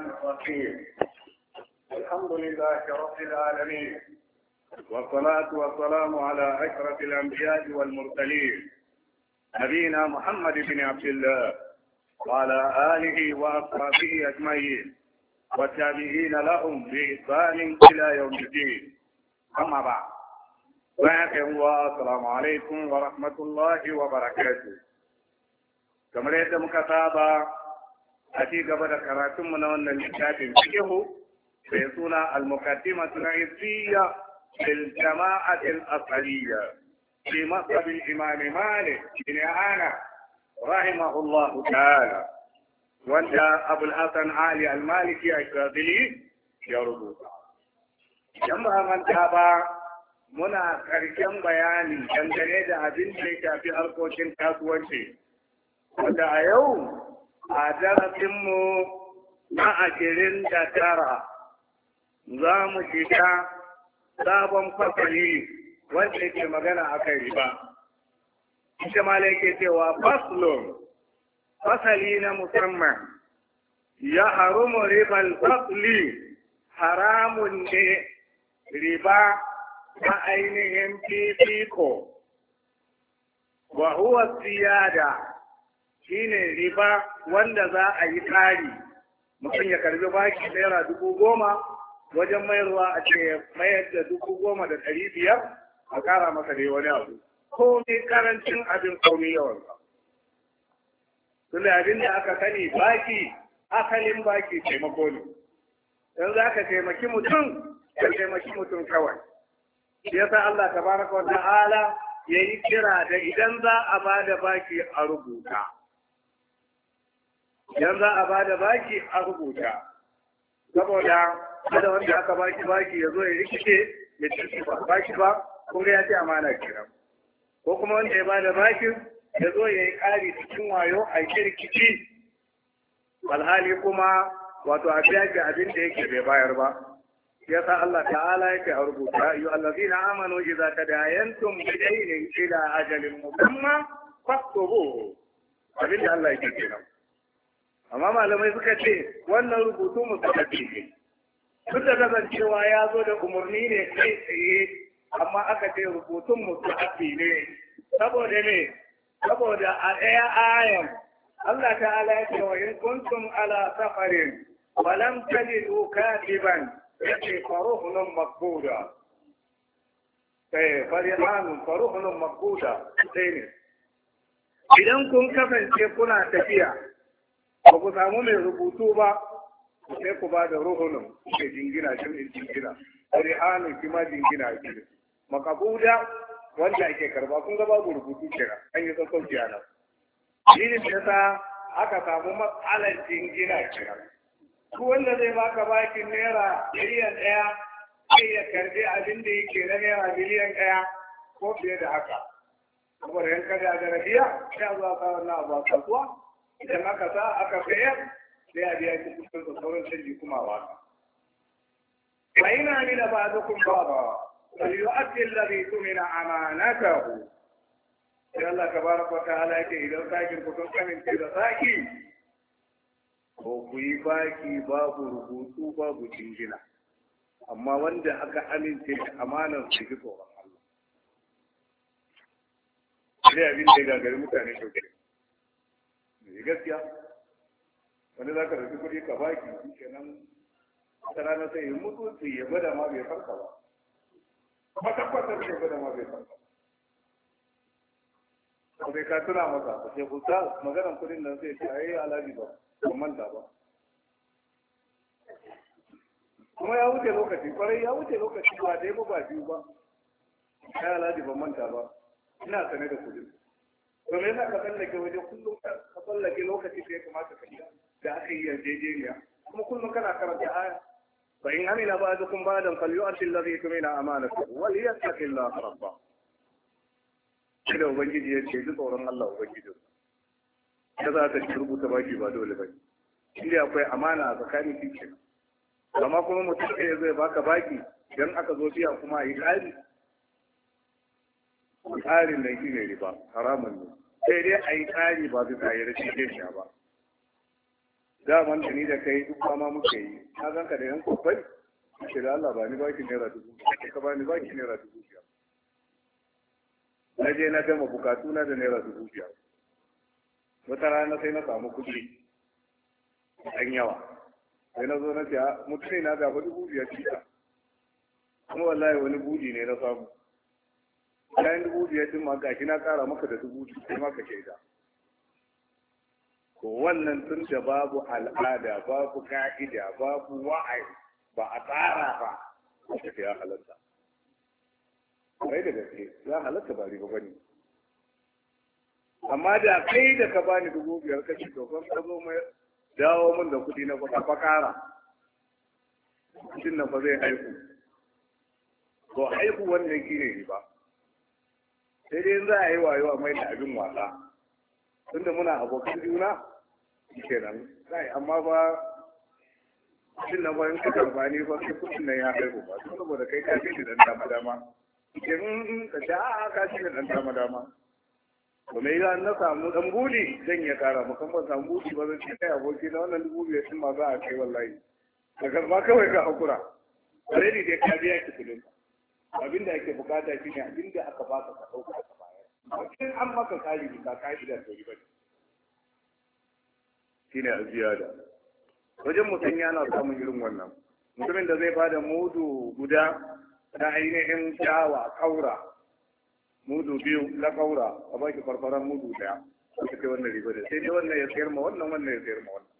الرحمن الرحيم الحمد لله رب العالمين والصلاة والسلام على أشرف الأنبياء والمرسلين نبينا محمد بن عبد الله وعلى آله وأصحابه أجمعين والتابعين لهم بإحسان إلى يوم الدين أما بعد السلام عليكم ورحمة الله وبركاته kamar yadda muka a ci gaba da karatunmu na wannan littafin fiqhu bai suna al-muqaddimatu al-hizbiyya lil jama'at al-asariyya fi masab al-imam Malik bin Ana rahimahullah ta'ala wanda Abu al-Hasan Ali al-Maliki al-Shadili ya rubuta idan ba manta ba muna karshen bayani dangane da abin da ya shafi harkokin kasuwanci wanda a yau a darasinmu na ashirin da tara za mu shiga sabon fasali wanda yake magana a kan riba. Ita ma yake cewa faslon fasali na musamman ya harumu ribal fasli haramun ne riba na ainihin fifiko. Wa huwa siyada Shi ne riba wanda za a yi tsari mutum ya karbi baki naira dubu goma wajen mayarwa a ce mayar da dubu goma da ɗari biyar a ƙara masa dai wani abu mai karancin abin komai yawan ba tunda abin da aka sani baki asalin baki taimako ne in za ka taimaki mutum ka taimaki mutum kawai ya sa Allah baraka wa ta'ala ya yi kira da idan za a ba da baki a rubuta idan za a bada baki a rubuta saboda kada wanda aka baki baki ya zo ya rikice ya ci ba baki ba kun ga ya ce amana kira ko kuma wanda ya bada baki ya zo ya yi ƙari cikin wayo a yi rikici alhali kuma wato a biya ga abin da yake bai bayar ba ya sa Allah ta'ala yake a rubuta yi allazina na amanu idza ta bi bidainin ila ajalin musamman faktubu abin da Allah yake kenan amma malamai suka ce wannan rubutu suka ne duk da kasancewa ya zo da umarni ne kai tsaye amma aka ce rubutun musabbabi ne saboda ne saboda a ɗaya ayan Allah ta'ala ya ce wa in kuntum ala safarin wa lam tajidu katiban yace faruhun maqbuda eh farihan faruhun maqbuda sai ne idan kun kasance kuna tafiya ba ku samu mai rubutu ba sai ku ba da ruhunan ke jingina ne jingina hannun shi ma jingina shi makabuda wanda ake karba kun ga babu rubutu kira an yi sassauci a nan shi ne ta sa aka samu matsalar jingina kira ku wanda zai baka bakin naira miliyan ɗaya zai ya karbi abin da yake na naira miliyan ɗaya ko fiye da haka Kuma da kada da rabiya sai a zuwa kawar na abuwa kasuwa idan aka sa aka sayar sai a biya shi kusan da sauran canji kuma wa fa ina mina ba'dukum ba'da falyu'addi alladhi tumina amanatahu sai Allah tabaraka ta ta'ala ke idan sakin ku kun amince da saki ko ku yi baki babu rubutu babu jingina amma wanda aka amince da amanar su ji tsoron Allah. Sai abin da ya gagari mutane kyautai. ne eh, gaskiya wani za ka rufi kuɗi ka baki shi kenan ta rana sai ya mutu ya gwada ma bai farka ba kuma tabbatar ya gwada ma bai farka ba ko bai ka tuna masa ba sai kusa maganan kuɗin nan sai ta yi alaji ba ba manta ba kuma ya wuce lokaci kwarai ya wuce lokaci ba dai ba ba biyu ba yi alaji ba manta ba ina sane da kuɗin to me yasa ka tsallake waje kullum ka tsallake lokaci da ya kamata ka yi da aka yi yarjejeniya kuma kullum kana karanta aya fa in amina ba'dukum ba'dan falyu'ti alladhi tumina amanatahu wal yattaqi Allah rabbah shi da ubangiji ya ce ji tsoron Allah ubangiji Ka za ta rubuta baki ba dole ba inda akwai amana a tsakanin shi amma kuma mutum ɗaya zai baka baki don aka zo biya kuma a yi ƙari tsarin nan shi ne riba haramun ne sai dai a yi tsari ba su tsaye da sha ba daman da ni da kai duk ma muka yi na zan ka da yan kwabbai shi da Allah ba ni baki naira dubu ka ba ni baki naira dubu biyar na je na gama bukatu na da naira dubu biyar wata rana sai na samu kuɗi ɗan yawa sai na zo na ce ah, mutum na gaba dubu biyar shi kuma wallahi wani buɗi ne na samu bayan dubu biyar din ma gashi na ƙara maka da dubu biyu sai maka shaida ko wannan tun da babu al'ada babu ka'ida babu wa'ai ba a tsara ba wata ya halatta kai da gaske ya halatta ba riba bane amma da kai da ka bani dubu biyar ka ci dogon ka zo mai dawo min da kuɗi na baka fa kara kuɗin nan fa zai haihu to haihu wannan ne riba sai dai za a yi wayo a mai da abin wasa tunda muna abokan juna nan sai amma ba shin na bayan ka karba ne ba sai kudin nan ya kai ba saboda kai ka ji dan dama dama in ka ta ka ji dan dama dama to me ya na samu dan buli zan ya kara kan ban samu buli ba zan kai aboki na wannan dubu biyar din ma za a kai wallahi ka karba kawai ka hakura ne dai ka biya ki kudin ka abin da ake bukata shi ne abin da aka baka ka ɗauka ka bayar in an maka kari ka ka'ida da yi ba shi ne aziyada wajen mutum yana samun irin wannan mutumin da zai bada mudu guda na ainihin shawa kaura mudu biyu na kaura a baki farfaran mudu daya ita ce wannan riba da sai dai wannan ya sayar ma wannan wannan ya sayar ma wannan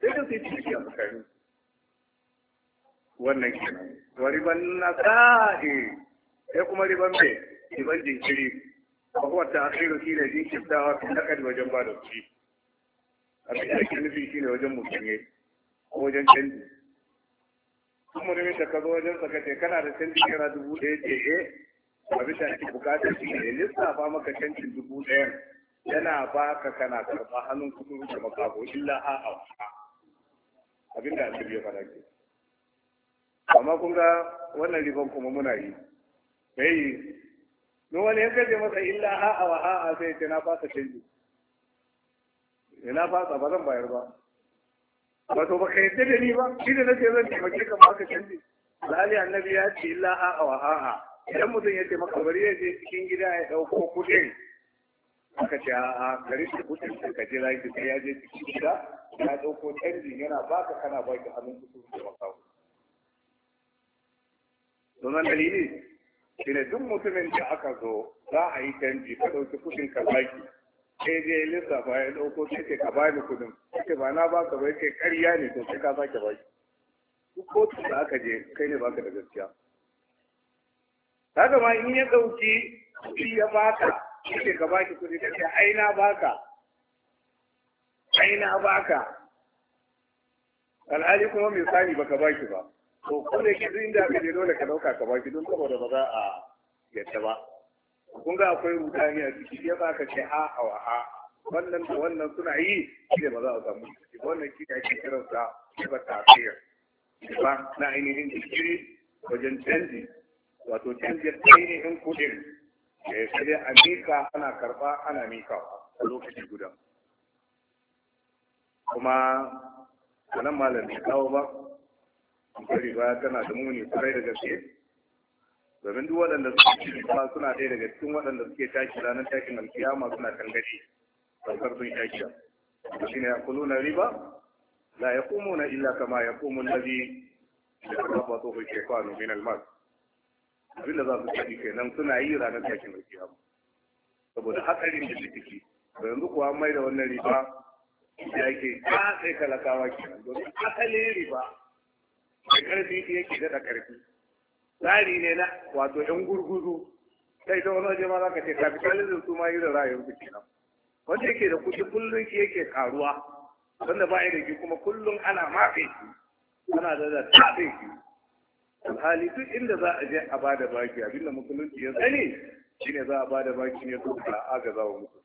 sai da sai ciki a tsakanin wannan kenan wa riban nasa'i sai kuma riban me riban jinkiri wa huwa ta'khiru fi da jinkirtawa fi nakad wajen ba da shi abin da ake nufi shine wajen mutum ko wajen canji sun mutumin da ka zo wajen sakace kana da canji kira dubu ɗaya ce e eh, a bisa ake bukatar shi ne lissafa maka canjin dubu ɗaya yana ba ka kana karɓa hannun kudu da makaho illa a'a abin da ake biyo fara ke amma kun ga wannan riban kuma muna yi yi don wani yanka ce masa illa ha'a wa ha'a sai ce na fasa canji ya eh, na fasa ba zan bayar ba wato ba ka yadda da ni ba shi da nake zan taimake ka ba ka canji lali annabi ya ce illa ha'a wa ha'a idan mutum ya ce maka bari ya je cikin gida ya ɗauko kuɗin aka ce a gari shi kudin da ka jira ki ya je cikin gida ya dauko canji yana baka kana baki hannun kuɗin da makawo domin dalili shi ne duk mutumin da aka zo za a yi canji ka ɗauki kuɗin ka baki sai dai lissafa ya ɗauko sai ke ka bani kuɗin sai ba na ba ka ba sai ƙarya ne to sai ka sake baki duk kotu da aka je kai ne baka da gaskiya haka ma in ya ɗauki kuɗi ya baka sai ka baki kuɗi sai ai na baka ai na baka alhali kuma misali baka baki ba ko ko da yake duk da aka je dole ka dauka ka baki don saboda ba za a yadda ba kun ga akwai rudani a ciki ya ba ka ce ha a wa ha wannan da wannan suna yi shi ne ba za a samu ciki wannan shi ne ake kiransa ba tafiyar ba na ainihin jikiri wajen canji wato canji ya ainihin kudin eh sai a mika ana karba ana mika a lokaci guda kuma sanan malam bai kawo ba kwari riba tana da muni kwarai da gaske domin duk waɗanda suke cikin riba suna ɗaya daga cikin waɗanda suke tashi ranar takin alkiyama suna kangare saukar sun tashi da shi ne na riba la na illa kama ya na yaqumu alladhi yatakabbathu shaytanu min al-mas abinda za su ci kenan suna yi ranar takin alkiyama saboda hatsarin da su ciki yanzu kuwa mai da wannan riba ya ke ka sai talakawa kenan domin asalin riba mai ƙarfi shi yake daɗa ƙarfi tsari ne na wato yan gurguzu Sai ta wani waje ma za ka ce capitalism su ma yi da rayuwar su kenan wanda yake da kuɗi kullum shi yake karuwa wanda ba da shi kuma kullum ana mafe shi ana da da tafe shi alhali duk inda za a je a ba da baki abinda musulunci ya sani shine za a ba da baki ne su da agaza wa mutum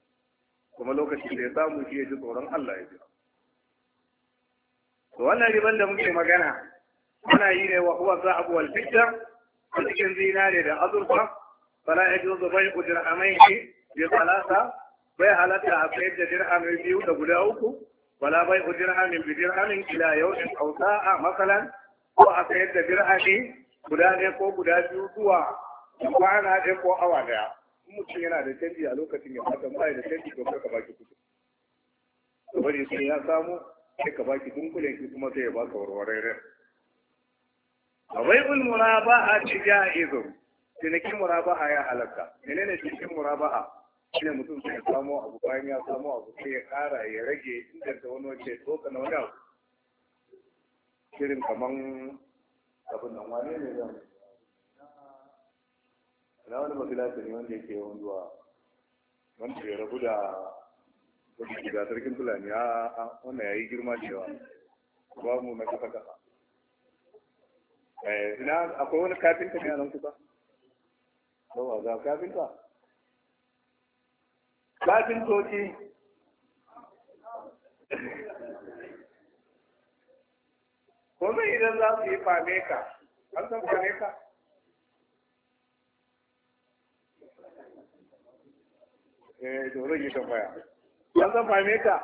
kuma lokacin da ya samu shi ya ji tsoron Allah ya ji to wannan riban da muke magana ana yi ne wa huwa za'ab wal fidda a cikin zinare da azurfa fala yajuzu bai'u dirhamaini bi salasa bai halatta a sayar da dirhamin biyu da guda uku wala bai u dirhamin bi dirhamin ila in aw a masalan ko a sayar da dirhami guda ne ko guda biyu zuwa kwana ɗaya ko awa ɗaya mutum yana da canji a lokacin ya fata ba da canji to ka baki kuɗi kamar yake ya samu sai ka baki dunkulen ki kuma sai ya baka rai. bai'ul murabaha jaizun cinikin murabaha ya halaka menene cinikin murabaha ne mutum sai samo abu bayan ya samo abu sai ya kara ya rage da wani wace tsoka na wani abu shirin kaman abin nan wane ne zan na wani magilata ne wanda yake yawan zuwa wanda ya rabu da wani shiga sarkin fulani a wannan ya yi girma cewa Ba mu na kasa kasa Eh, ina akwai wani kafinta ne a nan kusa yawa ga kafinta kafintoci kuma idan za su yi fame ka an san fame ka eh to zan yi tambaya an san fame ka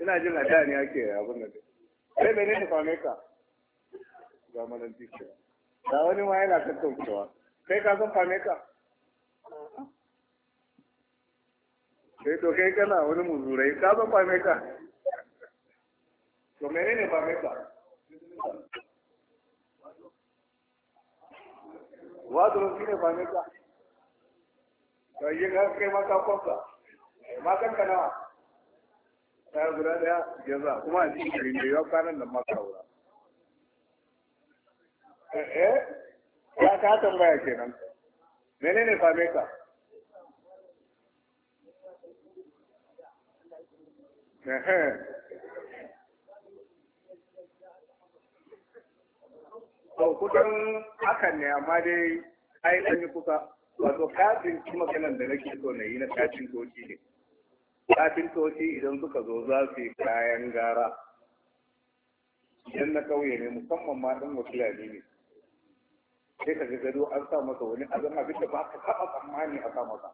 ina jin a da ne ake abin nan sai ne fame ka ga malanti da wani ma yana tattaucewa kai ka san fame ka sai eh, to kai kana wani muzurai ka san fame ka to menene fame ka wadurin shi ne fame ka to yi ga kai ma ka kwamsa ma kanka nawa ta guda daya jaza kuma a cikin da yau kwanan da ma ka wura Eh, eh? ya ka tambaya kenan menene fame ka to kudin hakan ne amma dai ai an yi kusa wato kafin kuma maganan da nake so na yi na kafin toci ne kafin toci idan suka zo za su yi kayan gara idan na kauye ne musamman ma ɗan wakilani ne sai ka ga gado an sa masa wani abin abin da ba ka taɓa tsammani a sa masa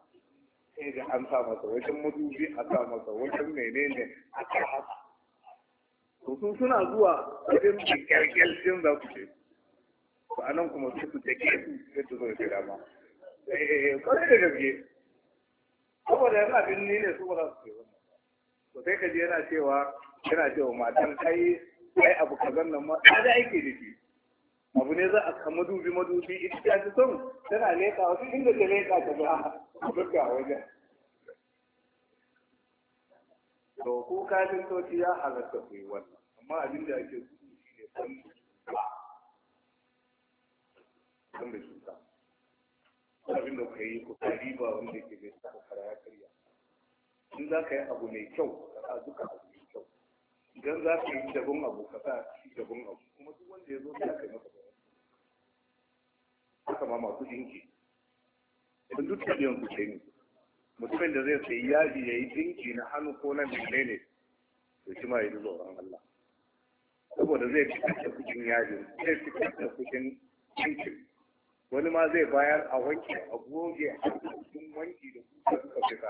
sai da an sa masa wajen madubi a sa masa wajen menene a sa masa to su suna zuwa wajen kyarkyar sun za ku ce ba anan kuma sai su take su sai su zo da dama kwarai eh, eh, eh, da gaske saboda yana abin ni ne su ba za su ce wannan to sai ka je yana cewa yana cewa matan kai ai abu kazan nan ma ta da aiki da shi abu ne za a ka madubi madubi ita ta ci son tana leka wasu inda ta leka ta ba duka wajen to ku kafin soci ya halatta ku yi wannan amma abin da ake su shi ne san san da ta abin da ka yi ku kari ba wanda ke bai sa karaya karya in za ka yi abu mai kyau ka sa duka abu mai kyau idan za ka yi dabon abu ka sa shi dabon abu kuma duk wanda ya zo sai ka yi masa haka ma masu dinki In duk da biyan kuɗi ne mutumin da zai sai yaji ya yi dinki na hannu ko na mene ne to shi ma ya ji Allah saboda zai fitar da kuɗin yaji, zai fitar da kuɗin dinkin wani ma zai bayar a wanke a goge a cikin wanki da kuka suka fita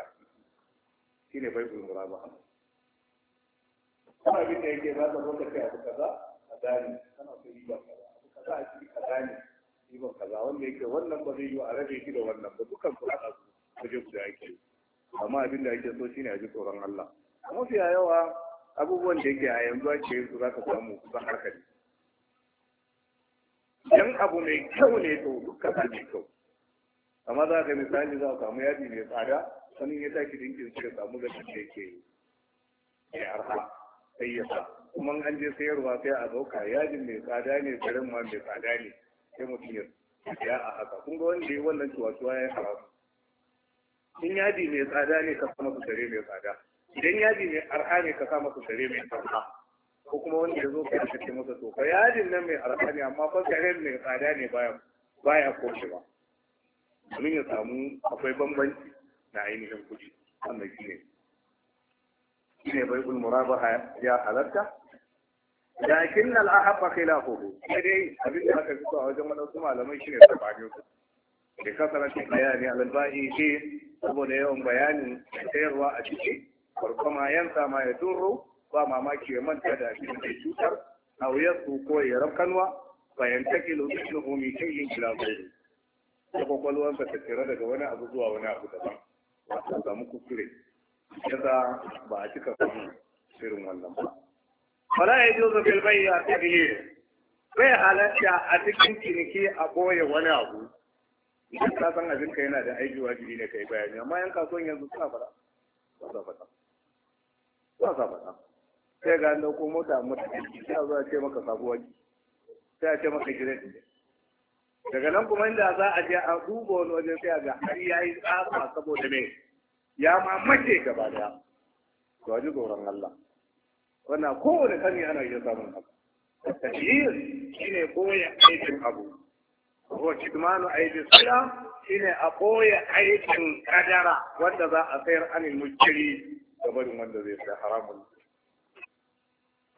shi ne bai kulmura ba kuma abin da yake za ka zo ka ce abu kaza a gane kana so ba kaza abu kaza a ciki kaza ne shi ba kaza wanda yake wannan ba zai yi a rabe shi da wannan ba dukan su haɗa su waje ku da ake amma abin da ake so shine a ji tsoron Allah mafiya yawa abubuwan da yake a yanzu ake yin su za ka samu kusan ne. yan abu mai kyau ne to duka ta mai kyau amma za ka misali za ka samu yaji mai tsada Sanin ya tashi dinkin sai ya samu gashin da yake ya arha sai ya sa kuma an je sayarwa sai a zauka yajin mai tsada ne garin ma mai tsada ne sai mutum ya ya a haka kun ga wanda ya wannan cuwa ya haramu in yadi mai tsada ne ka samu masa mai tsada idan yadi mai arha ne ka samu masa mai tsada ko kuma wanda ya zo ka kashe masa to ka yadin nan mai arha ne amma fa tare mai tsada ne baya baya ba, domin ya samu akwai bambanci na ainihin kuɗi wannan shi ne shi ne baibul murabaha ya halarta. lakin al ahaba Koko, sai dai abin da aka fito a wajen wadansu malamai shine sabani da kasarancin bayani al-ba'i ce saboda yawan bayanin sayarwa a ciki farkoma 'yan sama ya turo ba mamaki ya manta da abin da cutar a wuyar su ko ya rafkanwa bayan take lokacin homi ta yin kila ta kwakwalwar ta tsira daga wani abu zuwa wani abu daban wato samu kuskure yasa ba a cika samun shirin wannan ba wala ya juzu bil bayya tabhir bai halatta a cikin ciniki a boye wani abu idan ka san abin ka yana da aiki wajibi ne kai bayani amma yan kasuwan yanzu suna fada ba sa fada ba sa fada sai ga an ko mota mota sai a zo a ce maka sabuwa sai a ce maka giredi daga nan kuma inda za a je a duba wani waje sai a ga har ya yi tsafa saboda me ya ma mace gaba daya to ji tsoron Allah wannan kowane sani ana iya samun haka tafiyir shi ne ɓoye aikin abu ko kitmanu aikin sada shi ne a ɓoye aikin kadara wanda za a sayar anin mukiri ga wanda zai sa haramun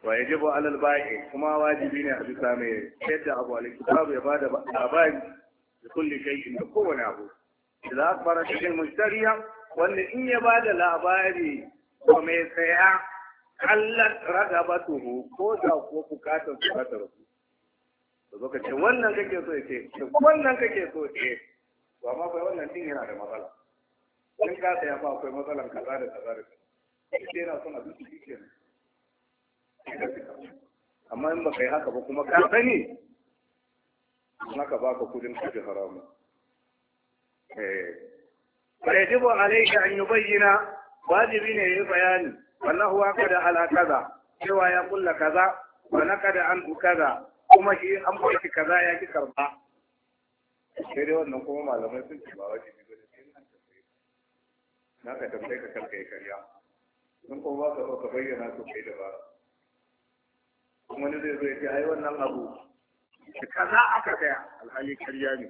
wa yajibu alal ba'i kuma wajibi ne a bisa mai yadda abu al ya bada labari da kulli shay'in da kowane abu idan akbara shi mujtariya wanda in ya bada labari ko mai saya kallan ragabatuhu ko da ko bukatar su ka tarku to zo ka ce wannan kake so ce wannan kake so ce to amma kai wannan din yana da matsala in ka saya ba akwai matsalan kaza da kaza da kaza sai na son abin su kike amma in baka yi haka ba kuma ka sani naka baka kudin kudi haramu eh fa yajibu alayka an yubayyana wajibi ne yayi bayani wannan huwa kada ala kaza cewa ya kulla kaza wa kada an kaza kuma shi an bashi kaza ya ki karba sai dai wannan kuma malamai sun ce ba wajibi ba sai na tafi na ka tambaye ka kanka ya karya sun kuma ba ka ka bayyana su kai da ba kuma ni zai zo ya ce ai wannan abu kaza aka kaya alhali karya ne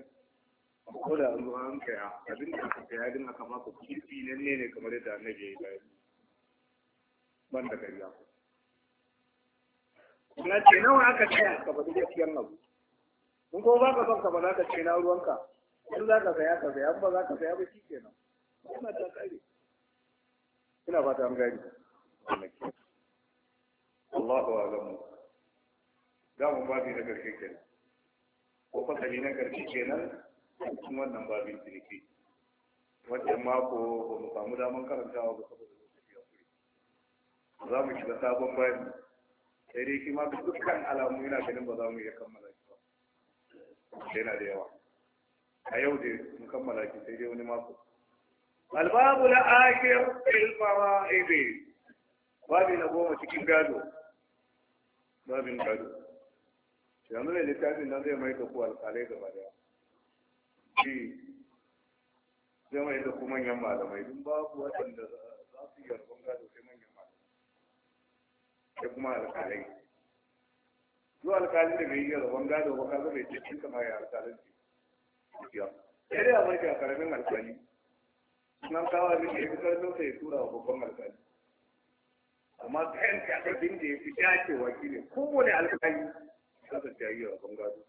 ko da an zo an kaya abin da aka kaya din aka ba ku kuɗi ne ne kamar yadda annabi ya yi bayani ban da gariya na ce nawa aka ce ka faɗi gaskiyar abu Mun ko ba ka son ka ba za ka ce na ruwanka in za ka saya ka saya in ba za ka saya ba shi ke nan ina ta kare ina fata an gari Allahu alamu za mu babi na karshe kenan ko fasali na karshe kenan cikin wannan babin ciniki Wajen mako ba mu samu damar karantawa ba saboda za mu shiga sabon babi sai dai shi da dukkan alamu yana ganin ba za mu iya kammala shi ba na da yawa a yau da mu kammala shi sai dai wani mako albabu la akhir fil fara'id babi na goma cikin gado babin gado yanzu ne littafin nan zai mai da ku alƙalai gaba daya shi zai mai da ku manyan malamai dun babu waɗanda za su yi yarban gado da kuma alƙalai zuwa alƙalin da bai yi rabon gado ba ka zama ya cikin kama ya alƙalin ce sai dai a mai da karamin alƙali sunan kawo abin da ya yi karfin sai ya tura wa babban alkali. amma kayan kakabin da ya fi dacewa shi ne kowane alƙali kasa ta yi rabon gado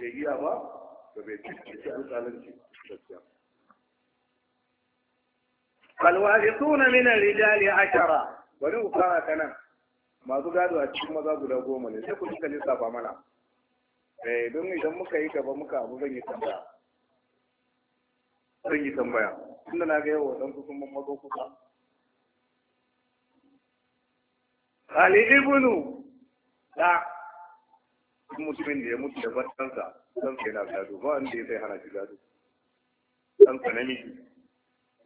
da iya ba da bai cikin alƙalin ce gaskiya فالوارثون من الرجال عشرة bari ku kawo ta nan masu gado a cikin maza guda goma ne sai ku ne lissafa mana eh don idan muka yi gaba muka abu zan yi tambaya zan yi tambaya tunda na ga yawa dan kusan mun mazo kusa Ali ibnu da mutumin da ya mutu da batansa dan sai na gado ba wanda ya sai hana shi gado dan sa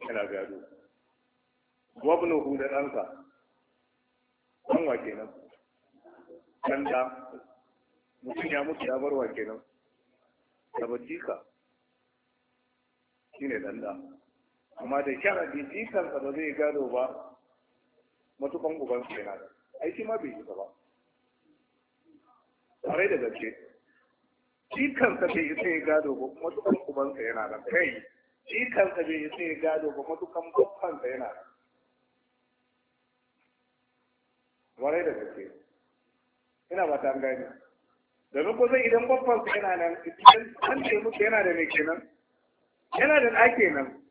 yana gado hu da ɗansa kanwa kenan kanda mutum ya mutu ya barwa kenan da jika ne danda amma da sharadi jikansa ba zai gado ba matukan uban kenan da. Aiki ma bai isa ba tare da gaske jikansa bai isa ya gado ba matukan ubansa yana da kai jikansa bai isa ya gado ba matukan babbansa yana da Kwarai da gaske ina ba ta gani domin zai idan babban su yana nan idan an ce muku yana da mai kenan yana da ɗa kenan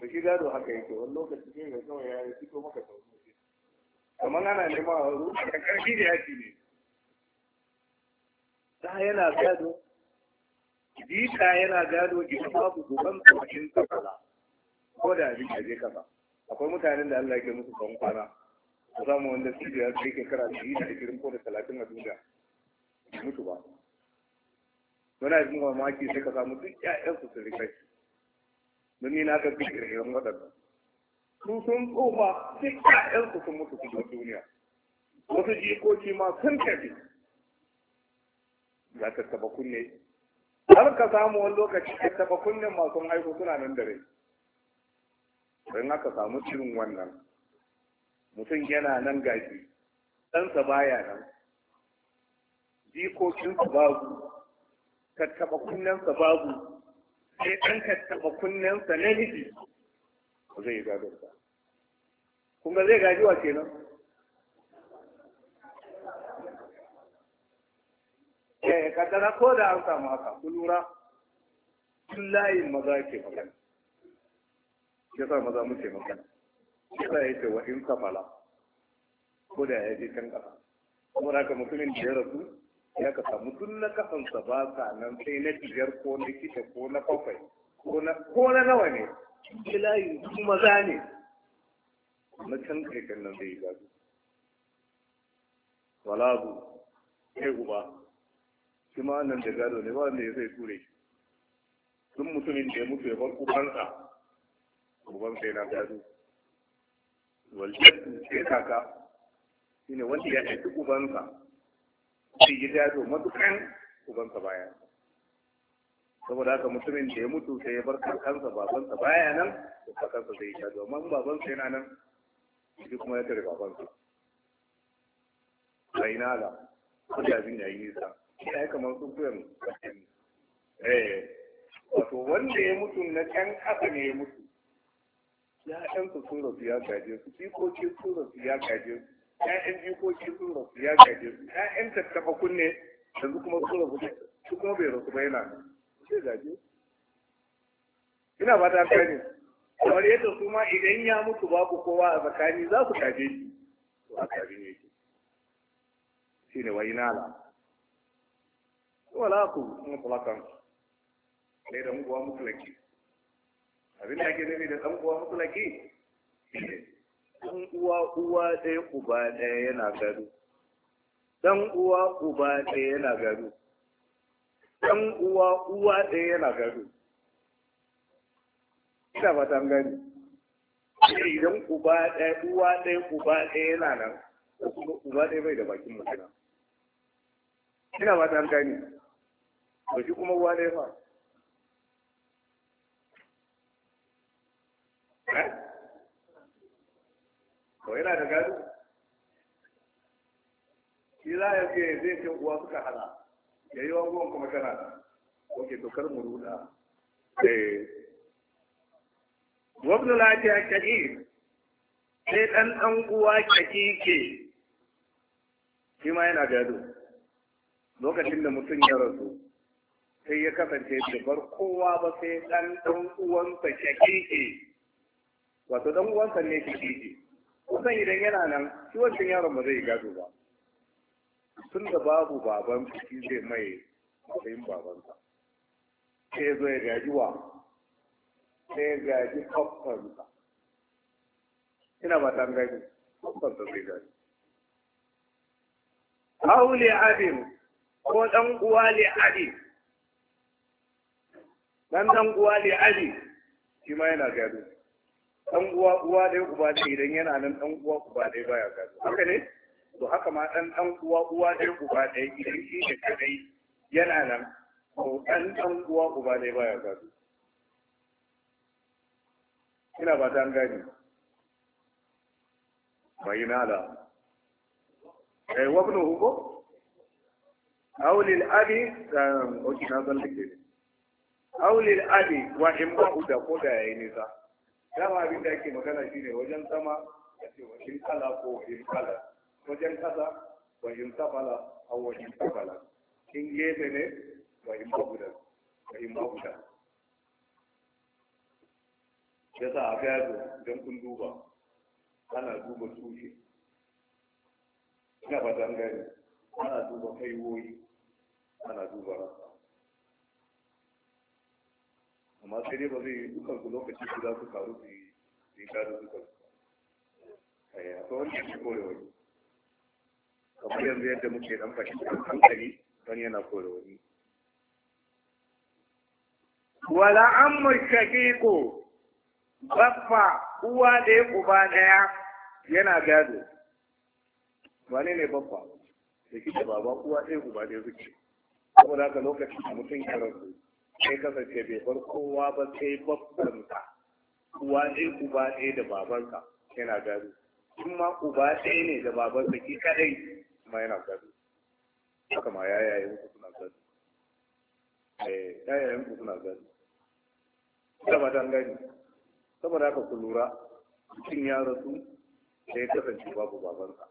da shi gado haka yake wani lokaci ne ga kawai ya yi fito maka sauƙi kamar ana neman a wuri da ƙarfi da yaki ne ta yana gado jita yana gado idan babu guban tsohon in kafala ko da abin da je kafa akwai mutanen da Allah ke musu kwan kwana a samu wanda su da kai kara da yi da ashirin ko da talatin a duniya mutu ba wani mawa mamaki sai ka samu duk ƴaƴansu su rikai don ni na ga fi ƙirƙirin waɗannan su sun tsoma duk su sun mutu su duniya wasu jikoki ma sun tafi za ka taba kunne har ka samu wani lokaci ka taba kunnen masu haihu suna nan da rai don haka samu cin wannan mutum yana nan gaji, ɗansa baya nan jikokinsa babu tattaɓa kunnensa babu sai ɗan tattaɓa kunnensa na miji ba zai gado ba kun ga zai gajiwa kenan eh kaddara ko da an samu haka ku lura tun layin maza ke magana ya sa maza muke magana kisa ya ce wa in safala ko da ya je can kafa kuma haka mutumin da ya rasu ya ka samu tun na kafansa ba sa nan sai na biyar ko na kita ko na bakwai ko na nawa ne ke layi maza ne na can kai kan nan zai yi gado walabu sai uba shi ma nan da gado ne ba wanda ya sai ture Tun mutumin da ya mutu ya bar ubansa ubansa yana gado waljaddu sai kaka shine wanda ya haifi ubansa shi gida ya zo matukan ubansa baya saboda haka mutumin da ya mutu sai ya bar kakansa babansa baya nan to kakansa zai sha domin babansa yana nan shi kuma ya tare babansa sai na ala kuma abin yi nisa ina ya kamar sun koyar eh wato wanda ya mutu na can kasa ne ya mutu ya'yansu sun rasu ya gaje su jikoki sun rasu ya gaje su ya'yan jikoki sun rasu ya gaje su ya'yan tattafa kunne yanzu kuma sun rasu su kuma bai rasu ba yana sai gaje ina ba ta gane kamar yadda su ma idan ya mutu babu kowa a tsakani za su gaje shi to haka abin yake shine wa inala wala ku mutlaqan sai da mu ba mutlaqi abin da ake nufi da ɗan uwa mutulaki ɗan uwa uwa ɗaya uba ɗaya yana gado ɗan uwa uba ɗaya yana gado ɗan uwa uwa ɗaya yana gado ina ta gani idan uba ɗaya uwa ɗaya uba ɗaya yana nan uba ɗaya bai da bakin mutum ina ta gani ba shi kuma uwa ɗaya fa eh to yana da gado shi za ya ce zai ce uwa suka hana ya yi wangon kuma tana da oke to kar mu ruda eh wabnu lafiya kaji sai ɗan ɗan uwa kaji ke shi ma yana gado lokacin da mutum ya rasu sai ya kasance bai bar kowa ba sai ɗan ɗan uwansa shakiki wato dan uwansa ne ke kiji kusan idan yana nan shi wancan yaron ba zai gado ba tun da babu baban shi zai mai matsayin babansa sai zo ya gaji wa sai ya gaji kwakwansa ina ba ta gaji kwakwansa zai gaji haule abin ko dan uwa le abin dan dan uwa le abin shi ma yana gado Ɗan uwa uwa ɗaya uba ɗaya idan yana nan ɗan uwa uba ɗaya baya gado haka ne to haka ma ɗan ɗan uwa uwa ɗaya uba ɗaya idan shi ne kadai yana nan to ɗan ɗan uwa uba ɗaya baya gado ina ba ta an gane bayyana da ai wabnu huko أو للأبي أو للأبي ko أدى قدى ينزع dama abin da ake magana shine wajen sama a ce wajen kala ko wajen kala wajen kasa wajen tafala a wajen tafala in gefe ne wajen maguda wajen maguda ya sa a gado don kun duba ana duba tushe na ba gani ana duba kaiwoyi ana duba amma sai dai ba zai yi dukkan su lokaci za su karu su yi gado dukan su akwai wani yanki kore wani kamar yanzu yadda muke dan da hankali wani yana kore wani wala amma shaqiqu baffa uwa da kuba daya yana gado wane ne baffa da kike baba uwa ɗaya uba ɗaya suke saboda haka lokacin mutum ya rasu sai kasance bai bar kowa ba sai babbanka uwa ɗaya uba ɗaya da babanka yana gado in ma uba ɗaya ne da babanka ki kadai kuma yana gado haka ma yayayen ku suna gado eh yayayen ku suna gado saboda dan gani saboda haka ku lura cikin ya rasu sai kasance babu babanka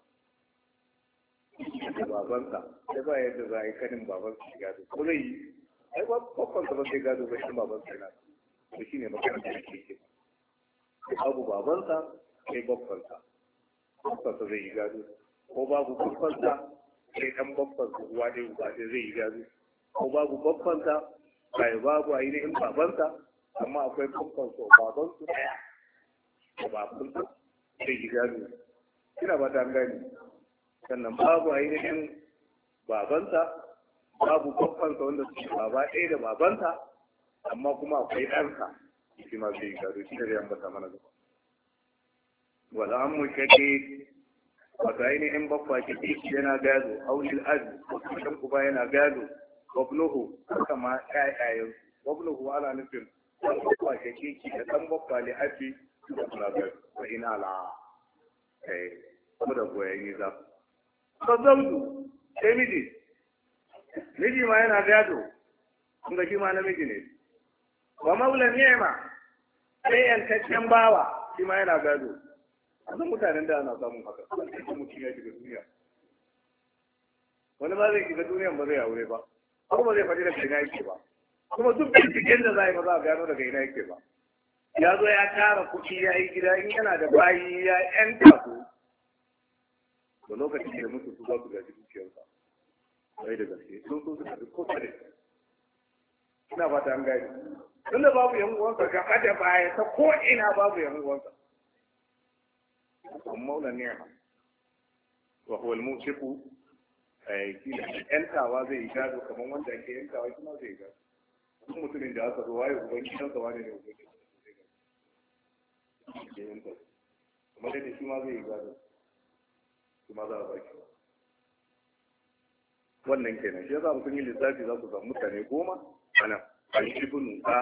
babanka babansa sai ba yadda za a yi kanin babansa shiga da kuma yi ai ba babban sa ba zai gado ba shi baban sa na to shine makaranta da ke ke babu baban sa sai babban sa babban sa zai yi gado ko babu babban sa sai dan babban sa uwa dai uba dai zai yi gado ko babu babban sa bai babu ainihin baban sa amma akwai babban sa baban su daya da babban sa zai yi gado ina ba ta gani sannan babu ainihin babansa babu babbansa wanda suke baba ɗaya da babansa amma kuma akwai ɗansa shi ma zai gado shi da zai ambata mana gaba wala an mu shaɗe wata ainihin ke shaɗe yana gado aulil azu kusan uba yana gado wabnuhu haka ma ƴaƴayen wabnuhu ana nufin ɗan ke shaɗe da ɗan bakwa ne afi da kuma gado wa ina la kai eh, kuma da goyon yi za. Ka zamdu, sai miji ma yana gado kuma shi ma namiji ne wa maula ni'ima sai yantaccen bawa shi ma yana gado azan mutanen da ana samun haka sai mutum ya shiga duniya wani ba zai shiga duniyan ba zai aure ba kuma zai faɗi daga ina yake ba kuma duk binciken da za a yi ba za a gano daga ina yake ba ya zo ya tara kuɗi ya yi gida in yana da bayi ya yan taso da lokacin da mutu su za su gaji dukiyarsa sai da gaske sun so su karbi ko ina ba ta an gani tunda babu yan uwansa gaba da baya ta ko ina babu yan uwansa kun maula ni'ama wa huwa al-musiqu eh kila yantawa zai yi gado kamar wanda ake yantawa kuma zai gado kuma mutumin da aka zo waye ubangi dan sawa ne ne ubangi kuma dai shi ma zai yi gado kuma za a baki wannan kenan shi yasa kun yi lissafi za ku samu mutane goma anan al ibnu a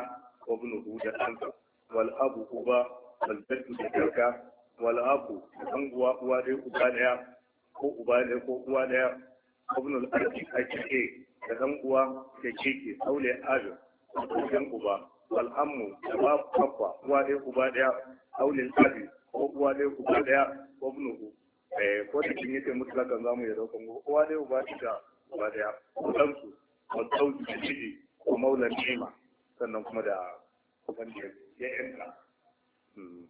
wa ibnu hu da ɗansa wal abu uba wal jaddu da karka wal abu an uwa uwa ɗaya uba ɗaya ko uba ɗaya ko uwa ɗaya ibnu al arki ake da dan uwa da keke saule abin dan uba wal ammu da babu kafa uwa ɗaya uba ɗaya aulil abi ko uwa ɗaya uba ɗaya ko ibnu eh, ko da kin yace mutlaka zamu ya daukan uwa ɗaya uba ɗaya Kuma da kudansu wa zauji da miji wa maula ni'ima sannan kuma da wanda ya yanka hmm.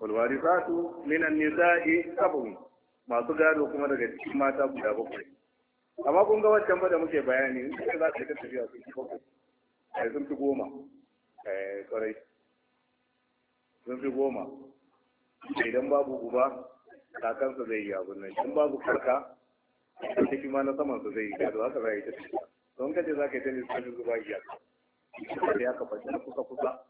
walwarisatu minan yi sabun masu gado kuma daga cikin mata guda bakwai amma kun ga wancan ba da muke bayani in kai za ka ta tafiya sun fi bakwai ai sun fi goma eh, kwarai sun fi goma idan babu uba kakansa zai yi abin nan idan babu karka sai ma na saman su zai a ta don kaje za ka yi tenis kan da ya na kusa kusa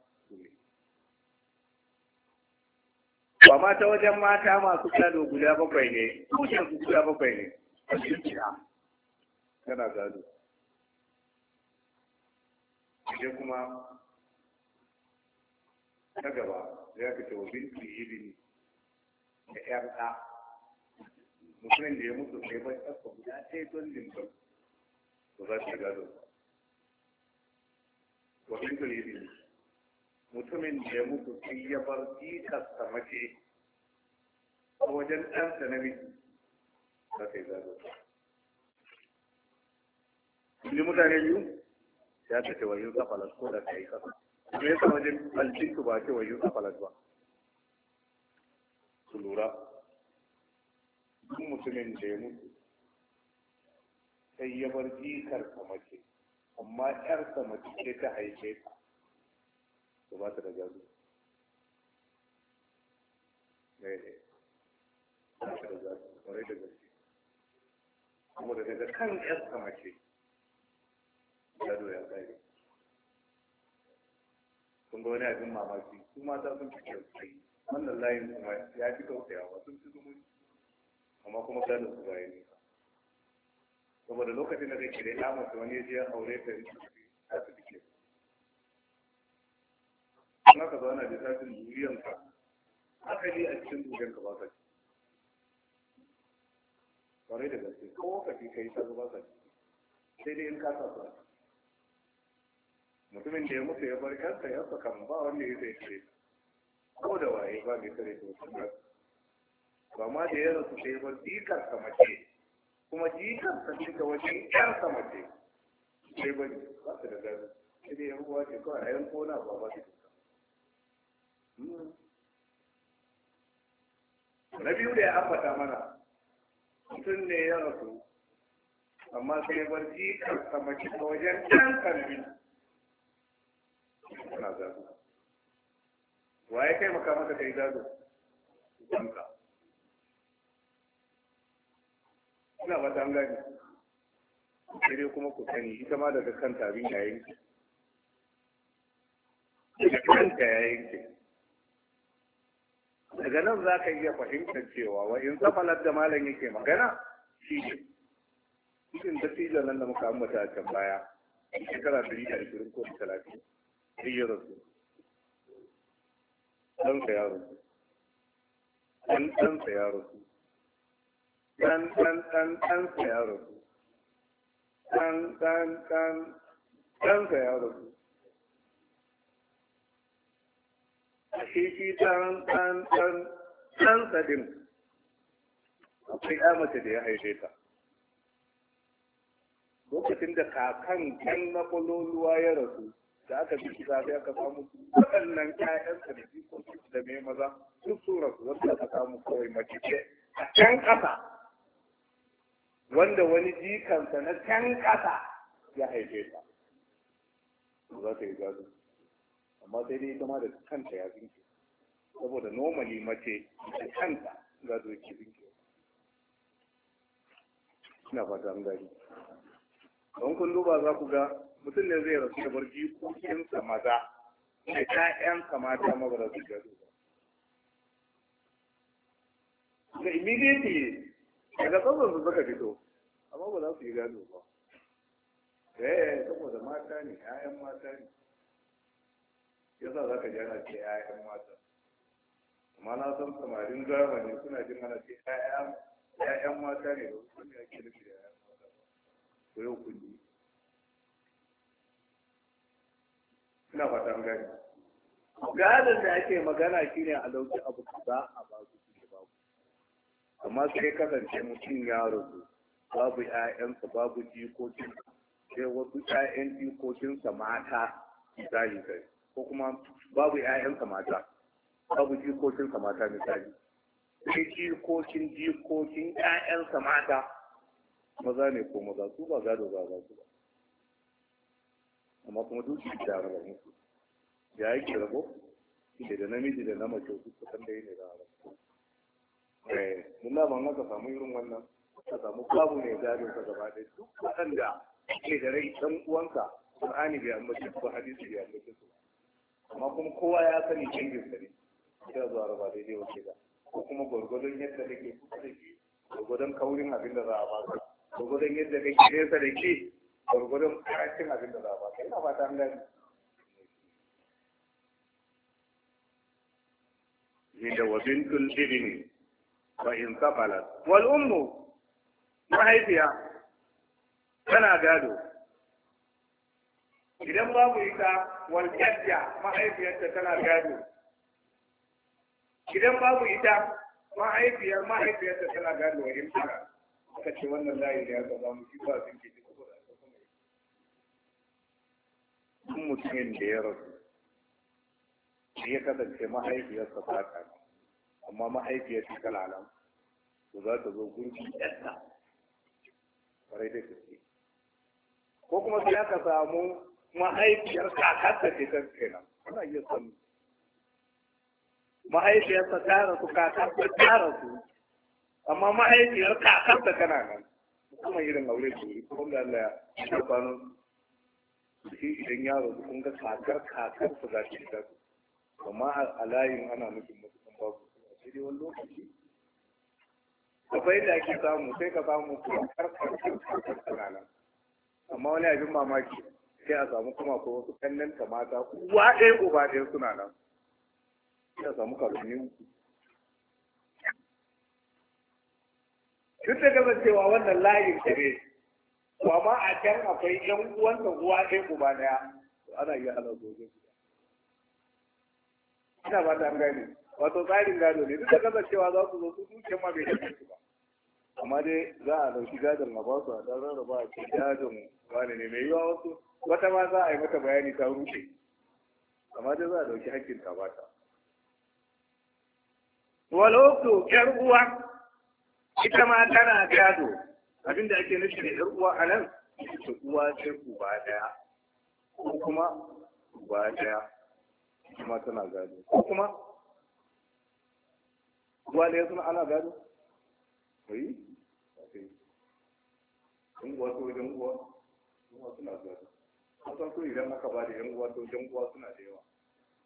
ba ta masu gado guda ne tushen su guda gado kuma ta gaba ya fi ce wa bintu da 'yar mutumin da ya mutu sai bai tsaka guda ɗaya don limbar to za ta gado wa in turidi mutumin da ya mutu sai ya bar ikasta mace a wajen ɗansa na miji za ta yi gado Ni mutane biyu ya ta ce wa yin kafalas ko da ta yi kafa. Me yasa wajen aljinku ba ce wa yin kafalas ba? Su lura. duk musulun da ya mutu sai ya bar jikarsa mace amma yarsa mace ce ta haife ta to ba ta da gado saboda eh, eh, daga kan yarsa mace gado ya tsare kun ga wani abin mamaki su mata sun fi kyau wannan layin kuma ya fi kautaya ba sun fi zumunci amma kuma gano su bayan nisa saboda lokacin da kake da ya mace wani je aure ta ta su dike in ka zauna da sashin zuriyanka aka yi a cikin ka ba ka ci kwarai da gaske ko ka fi kai ta ba ka ci sai dai in ka sa su mutumin da ya mutu ya bar kansa ya saka ba wanda ya zai ce ko da waye ba mai sare to kama da ya rasu sai ba jikar sa mace kuma jikar ta cika wani yar sa mace sai ba ne ba su da gado sai dai yan uwa ce kawai a yan kona ba ba su da hmm. na biyu da ya ambata mana mutum ne ya rasu amma sai bar jikar sa mace ta wajen yan kalbi kana Wa waye kai maka maka kai gado banka ina fata an gani sai dai kuma ku sani ita ma daga kanta abin ya yanke daga kanta ya yanke daga nan za ka iya fahimtar cewa wa in safalar da malam yake magana shi ne cikin dattijan nan da muka ambata a can baya shekara biri da ashirin ko talatin sai ya rasu ɗansa ya rasu ɗan ɗansa ya rasu dan dan dan dan sa ya rasu dan dan dan dan sa ya rasu a shi dan dan dan dan akwai ya mace da ya haife ta lokacin da kakan kan na ya rasu da aka bi kisa sai aka samu waɗannan ƴaƴansa da jikokin da mai maza duk su rasu wanda aka samu kawai mace ce a can ƙasa wanda wani jikansa na can ƙasa ya haife ta za ta yi gado amma sai dai zama da kanta ya zinke saboda normally mace da kanta gado ke zinke ina fata an gari don kun duba za ku ga mutum ne zai rasu da bar jikokinsa maza da ƴaƴansa mata ma ba za su gado ba immediately daga tsawon su suka fito amma ba za su yi gano ba eh saboda mata ne 'ya'yan mata ne yasa za ka ji ana ce 'ya'yan mata amma na san samarin zamani suna jin ana ce 'ya'yan mata ne ba su ne ake nufi da 'ya'yan mata ko yau kun yi ina fatan gani gadon da ake magana shine a ɗauki abu za a ba su amma sai kasance mutum ya rubu babu 'ya'yansa babu jikokin sai wasu 'ya'yan jikokinsa mata misali kai ko kuma babu 'ya'yansa mata babu jikokinsa mata misali sai jikokin jikokin 'ya'yansa mata maza ne ko maza su ba gado ba za su ba amma kuma duk shi da raba musu ya yake rabo da namiji da na mace su kusan da yi ne da a Eh, Dalla ban haka samu irin wannan ka samu babu mai gado ka gaba duk waɗanda ke da rai ɗan uwanka Qur'ani bai ba hadisi bai su amma kuma kowa ya sani canjin zuwa raba daidai wace da ko kuma gwargwadon yadda kusa da gwargwadon kaurin abin da za a gwargwadon yadda nesa da gwargwadon karancin abin da za a ina fata an gani ni da wabin ne wa in safalat wal ummu mahaifiya tana gado idan babu ita wal jadda mahaifiyarta tana gado idan babu ita mahaifiyar mahaifiyarta tana gado wa in safalat aka ce wannan layi da ya gaba mu ji ba sun ke duk mutumin da ya rasu ya kasance mahaifiyarsa ta kama amma mahaifiyar ta kalalan to za ta zo gurbi ɗanta ƙwarai da gaske ko kuma sai ka samu mahaifiyar kakarta ce ta kenan ana iya samu mahaifiyar ta rasu kakarta ta rasu amma mahaifiyar kakarta kana nan kuma irin aure su yi kuma da Allah ya tabbanin shi idan yaro kun ga kakar kakar su za ta shiga amma a layin ana nufin mutum babu sai wani lokaci akwai da ake samu sai ka samu kuma kanana amma wani abin mamaki sai a samu kuma ko wasu kannan ta mata uwa ɗaya uba ɗaya suna nan sai a samu karfani uku duk da kasancewa wannan layin kare to ma a can akwai yan uwanta uwa ɗaya uba ɗaya ana iya halar gobe ina ba ta gane wato tsarin gado ne duk da kasancewa za su zo su dukiyar ma bai shafe su ba amma dai za a dauki gadon a basu a dan rarraba a cikin gadon wani ne mai yiwa wasu wata ma za a yi mata bayani ta rufe amma dai za a dauki hakkin ta bata walokto ƴar uwa ita ma tana gado abinda ake nufi da ƴar uwa a nan ita uwa ce uba daya ko kuma uba daya ma tana gado ko kuma gwale suna ana gado kai kai in uwa to wajen uwa uwa suna gado kusan so idan aka ba da yan uwa to yan uwa suna da yawa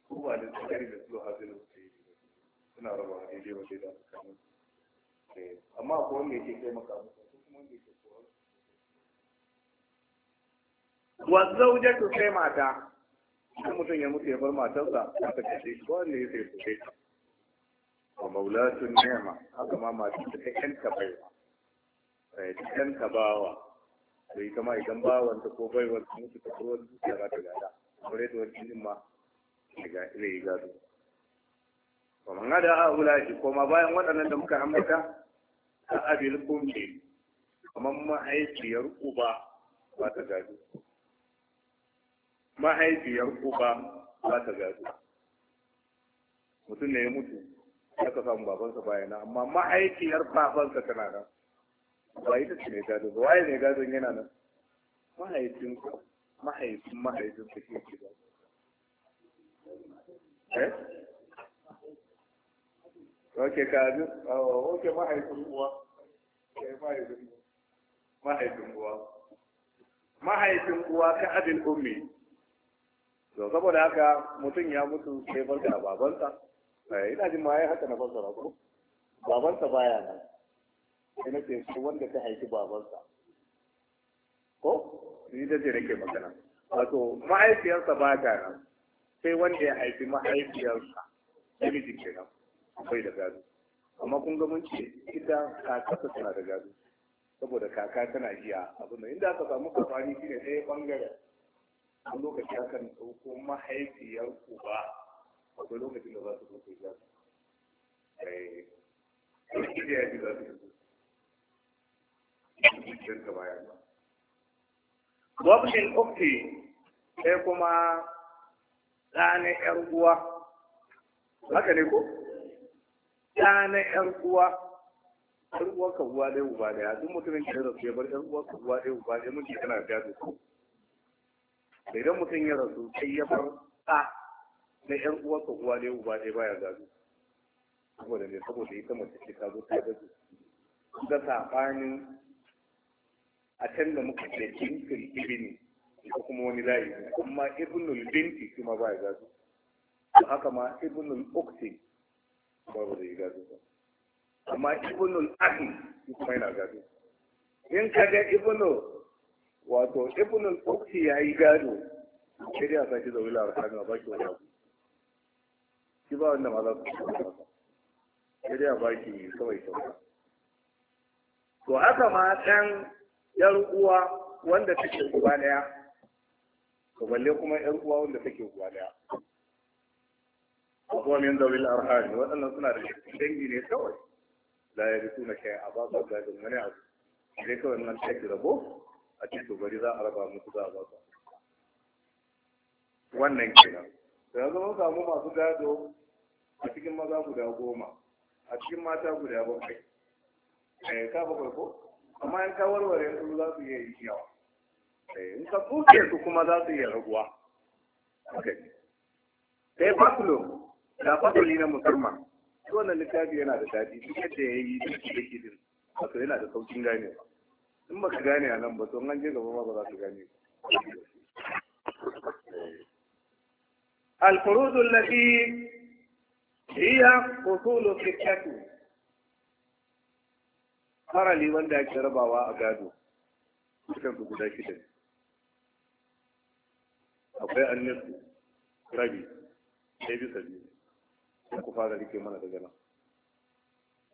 ko ba da tsakari da su hazinu suna raba daidai ba daidai da kamar eh, amma akwai wanda yake taimaka musu kuma wanda yake kowa wazzauja to sai mata mutum ya mutu ya bar matarsa ta kace shi wanda ya sai su sai wa maulatun nema haka ma masu da ta yanta baiwa eh, ta bawa to ita idan bawan ta ko bai ta mutu ta ruwan zuciya za ta gada aure da wani jinin ma zai gado wa man hada a ulaji ko ma bayan waɗannan da muka ambata ta abil kumbi kamar mahaifiyar uba ba ta gado mahaifiyar uba ba ta gado mutum ne ya mutu ya ka samu babansa baya amma mahaifiyar babansa tana nan ba ita ce mai gado ba waye mai gadon yana nan mahaifin mahaifin mahaifin su ke ce eh ok kaji oh, ok mahaifin uwa mahaifin uwa mahaifin uwa ka abin ummi to saboda haka mutum ya mutu sai barka babansa Eh, ina jin ma ya haka na fassara ko babansa baya nan sai ce su wanda ta haifi babansa ko ni da je ke magana wato mahaifiyarsa ba ta nan sai wanda ya haifi mahaifiyarsa jike kenan akwai da gado amma kun ga mun ce ita kakarsa tana da gado saboda kaka tana iya abin da inda aka samu kafani shine ɗaya bangare. a lokaci akan ɗauko mahaifiyar ku ba. akwai lokacin da za su kusa ya su ɗaya eh, da ya ji za su yi su ka baya ba wabin ukti sai kuma ɗanin ‘yar uwa haka ne ko ɗanin ‘yar uwa ‘yar uwa ka uwa ɗaya uba ɗaya duk mutumin da ya rasu ya bar ‘yar uwa ka uwa ɗaya uba ɗaya mun ke da gado ko idan mutum ya rasu sai ya bar ɗa na yan uwansa uwa ne uba ne baya gado saboda ne saboda ita mace ce ta zo ta gado da sabanin a can da muka ce jinkin ibini ko kuma wani layi ne amma ibnul binti kuma baya gado haka ma ibnul ukti ba ba ya gado amma ibnul ahi kuma yana gado in ka ga ibnul wato ibnul ukti ya yi gado sai dai a sake zaune larabci a baki wani abu shi ba wanda ma za su ya dai a baki kawai kyauta to haka ma ɗan yar uwa wanda take uwa ɗaya to balle kuma yar uwa wanda take uwa ɗaya abuwa min zawil arhani waɗannan suna da dangi ne kawai la ya ritu na kai a ba su da wani abu dai kawai nan take rabo a cikin to bari za a raba musu za a ba su wannan kenan da yanzu mun samu masu gado a cikin maza guda goma a cikin mata guda bakwai eh ka bakwai ko amma in ka warware su za su iya yi yawa eh, in ka tsoke su kuma za su iya raguwa sai eh, fasulo da fasuli na musamman shi wannan littafi yana da daɗi duk yadda ya yi duk da kidin wato yana da saukin gane in ba ka gane a nan ba to an je gaba ma ba za ka gane الفروض التي eh. hiya usulu fiqhatu farali wanda ake rabawa a gado sukan su guda shida akwai annasu rabi sai bisa biyu sai ku fara rike mana daga nan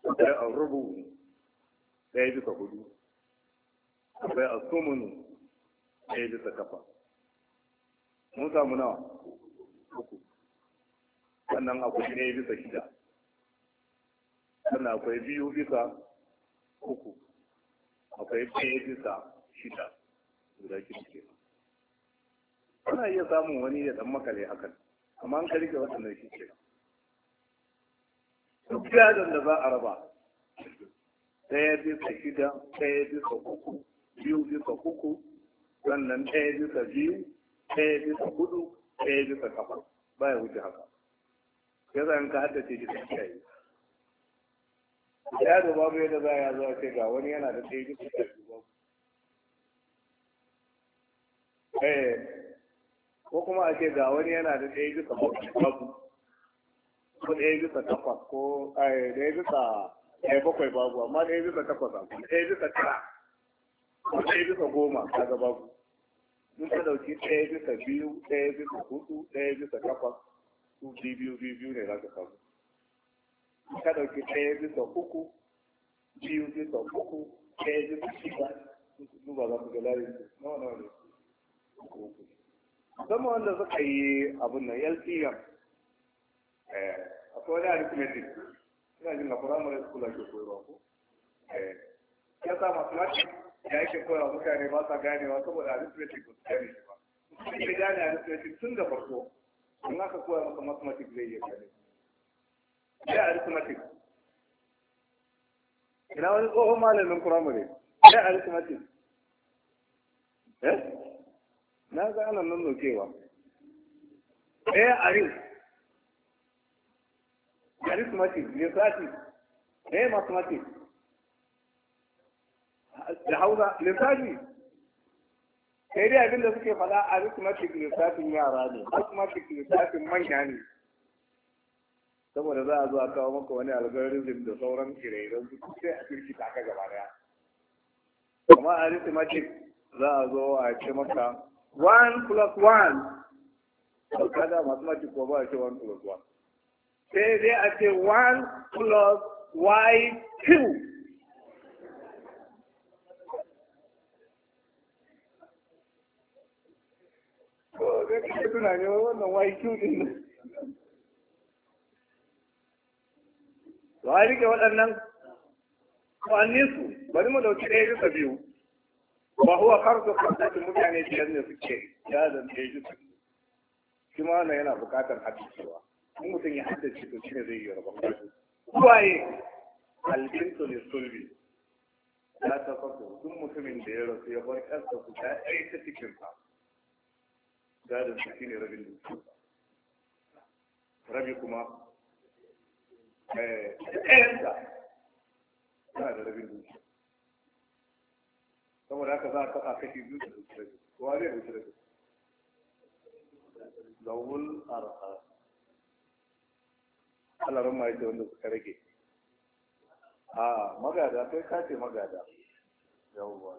akwai arrubu sai bisa hudu akwai asumunu sai bisa kafa mun samu nawa uku Wannan akwai ne bisa shida sannan akwai biyu bisa uku akwai ɗaya bisa shida guda ke ana iya samun wani ya dan makale hakan amma an karike waɗannan shi ke duk gadon da za a raba ɗaya bisa shida ɗaya bisa uku biyu bisa uku sannan ɗaya bisa biyu ɗaya bisa hudu ɗaya bisa kafa baya wuce haka ya zan ka haddace shi sai kiyaye ya da babu yadda za ya zuwa ce ga wani yana da ɗaya bisa da babu eh ko kuma a ce ga wani yana da ɗaya bisa babu ko ɗaya bisa takwas ko eh, ɗaya bisa ɗaya bakwai babu amma ɗaya bisa takwas babu ɗaya bisa tara ko ɗaya bisa goma kaga babu in ka ɗauki ɗaya bisa biyu ɗaya bisa hudu ɗaya bisa takwas su biyu biyu ne za ka samu ka ɗauki ɗaya bisa uku biyu bisa uku ɗaya bisa shida duba za ku ga layin su nawa nawa ne musamman wanda suka yi abin nan lpm eh, akwai wani arithmetic ina jin na primary school ake koyarwa ko eh, ya sa mathematics ya yake koyarwa mutane ba sa ganewa saboda arithmetic ba su gane shi ba sun gane arithmetic tun da farko in aka koya maka mathematics zai iya gane ya arithmetic ina wani tsohon malamin primary ya arithmetic eh na ga ana nan nokewa ya eh, arif arithmetic lissafi ya eh, mathematics da hausa lissafi sai dai abinda suke faɗa cikin lissafin yara ne cikin lissafin manya ne saboda za a zo a kawo maka wani algorithm da sauran kirairan su sai a ta ka gaba daya amma arithmetic za a zo a ce maka 1 plus 1 kada mathematics ko ba a ce 1 plus 1 sai dai a ce 1 plus y 2 sai kai tunani wannan wai din nan to rike waɗannan kwannin bari mu dauki ɗaya bisa biyu ba huwa karsu karsu mutane biyar ne suke ya zan ɗaya bisa biyu shi ma wannan yana buƙatar haddacewa in mutum ya haddace to shi ne zai yi rabon kasu kuwaye albintu ne sulbi ya tafasu duk mutumin da ya rasu ya bar ƙarsa su ta ɗaya ta cikin cikinsa gadon su shine rabin da su rabi kuma eh ɗayansa tana da rabin da su saboda haka za a kafa kashi biyu da dukiyar rabi kowa zai dukiyar rabi zawul arha alarin ma yake wanda suka rage a magada sai kace magada yawwa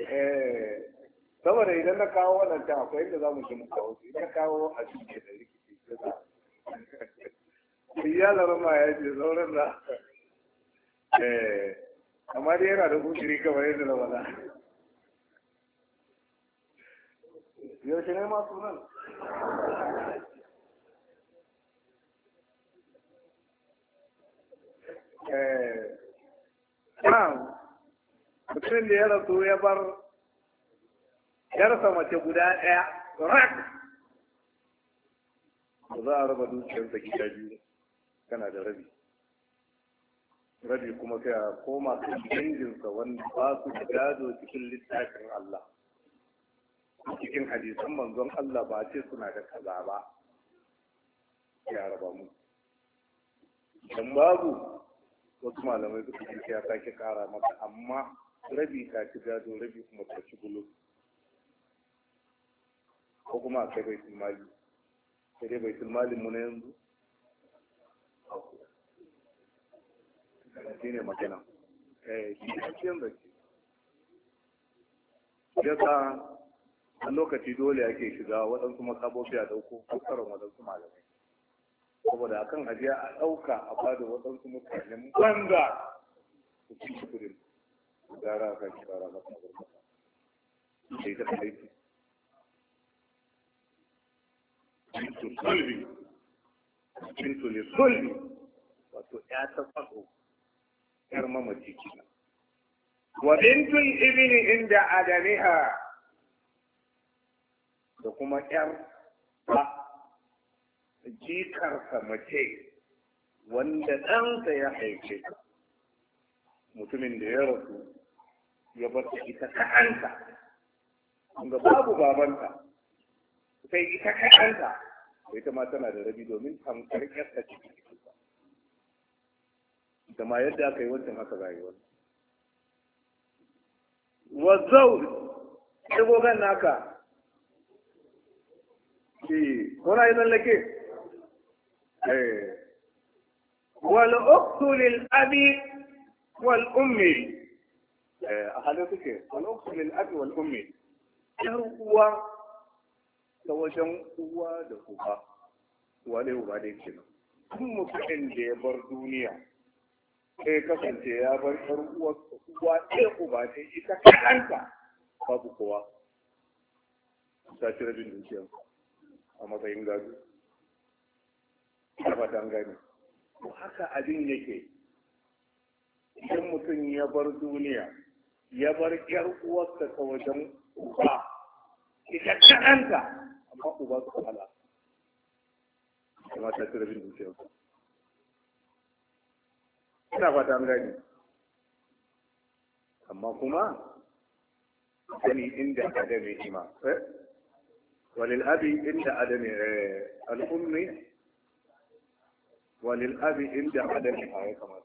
Eh, saboda idan na kawo wannan ta akwai inda za mu shi muka wasu idan kawo a cikin da rikici za a yi zama ma ya ce sauran da eh, amma dai yana da gudiri kamar yadda na yau yaushe ne ma sunan Eh, mutum da ya rasu ya bar yarsa mace guda ɗaya rak za a raba dukiyarsa gida biyu kana da rabi rabi kuma sai a koma kan danginsa wanda ba su da gado cikin littafin Allah cikin hadisan manzon Allah ba ce suna da kaza ba ya raba mu dan babu wasu malamai suka ce ya sake kara maka amma rabi ta ci gado rabi kuma ta ci gulu ko kuma akai bai mali sai dai bai mali mu na yanzu shi ne magana eh shi ne zance yasa a lokaci dole ake shiga waɗansu makabobi a ɗauko fassarar waɗansu malamai saboda a kan ajiya a ɗauka a bada waɗansu mutanen banza su ci kudin gara kan shara masa gurbata sai ta aiki Bintu sulbi, bintu sulbi, wato ya ta faɗo, ‘yar mamaci kina. Wa bintu ibini inda adamiha da kuma ‘yar ba jikarsa mace wanda ɗansa ya haife mutumin da ya rasu ya bar ita kaɗanta kuma babu babanta sai ita kaɗanta ita ma tana da rabi domin tamkar ƙyarta cikin da ma yadda aka yi wancan haka rayuwar wa zau naka kuna yi tsallake wal uktu lil abi wal ummi a halin suke wal uktu lil abi wal ummi yar uwa ta wajen uwa da uba uwa da uba da yake duk mutumin da ya bar duniya sai kasance ya bar yar uwa uwa ɗaya eh, uba ce ita kaɗanta babu kowa ta cire bin dukiyarsa a matsayin gado ba ta gani ko haka abin yake idan mutum ya bar duniya ya bar yar uwarsa ta wajen uba ita kananta amma uba su hala kuma ta tsira bin dukiyar ina ba ta gani amma kuma sani inda adami ima eh وللأبي عند عدم الأم وللأبي عند عدمها يا كمان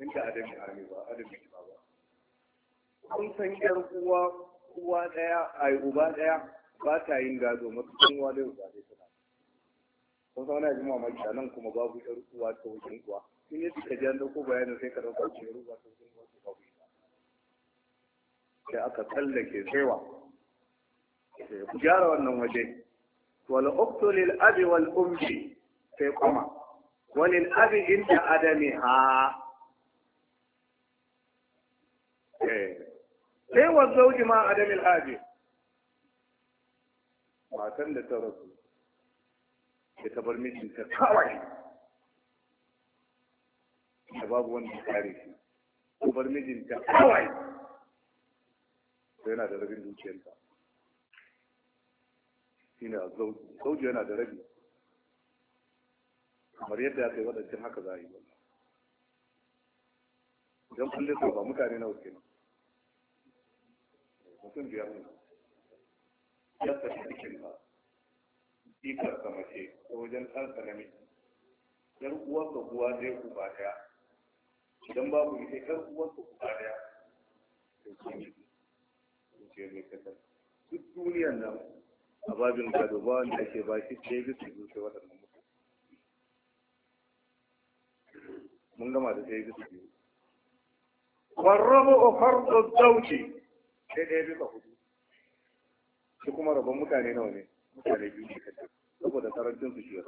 عند عدمها نبا عدم بابا uwa uwa daya ai uba daya ba ta yin gado mutum uwa da suna wani mamaki a nan kuma babu yar uwa ta wajen uwa in yi suka ji an dauko bayanin sai ka dauka ce uwa ta wajen uwa ta babu ita sai aka tsallake saiwa ku gyara wannan waje wal uktu lil abi wal ummi sai kuma walil abi inda adami ha eh. sai wa zauji ma adamil abi matan da ta rasu da ta bar mijinta kawai da babu wanda kare shi ta bar mijinta kawai sai na da rabin dukiyarta shine azauji zauji yana da rabi kamar yadda ya kai waɗancan haka za a yi don kulle ba mutane nawa kenan mutum biyar ne Ya shi cikin ba ikar sa mace ta wajen ɗansa namiji yar uwan ka kuwa zai ba daya idan babu ita yar uwan ka uba daya to shi ne ce mai kasar duk duniyar nan a babin gado ba wanda ake ba shi ɗaya bisa biyu sai waɗannan mutum mun gama da ɗaya bisa biyu a fardu dauki sai ɗaya bisa hudu shi kuma rabon mutane nawa ne mutane biyu ne kaɗai saboda karancin su shi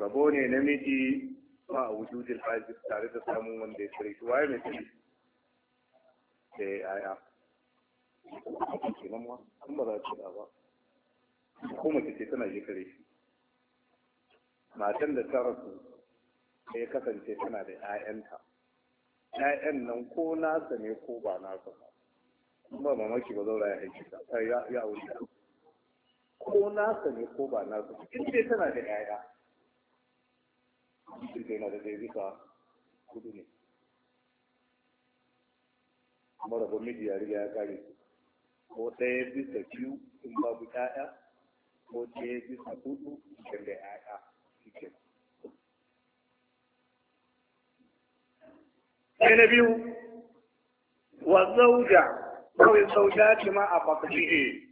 rabo ne namiji ba a wujudin hajji tare da samun wanda ya tsare shi waye mai tsare da ya yaya a kenan ma an ba za ta da ba ko mace ce tana je kare shi matan da ta rasu sai ya kasance tana da 'ya'yanta ‘ya'yan nan ko nasa ne ko ba nasa ba ba mamaki ba zaura ya aiki ta ya aure wuce ko nasa ne ko ba nasa ba in dai tana da ‘ya'ya in dai na da zai bisa kudu ne kuma rabon miji ya riga ya kare su ko ɗaya bisa biyu in babu ɗaya ko ɗaya bisa hudu cikin da ƴaƴa cikin sai na biyu wa zauja kawai zauja ce ma a ne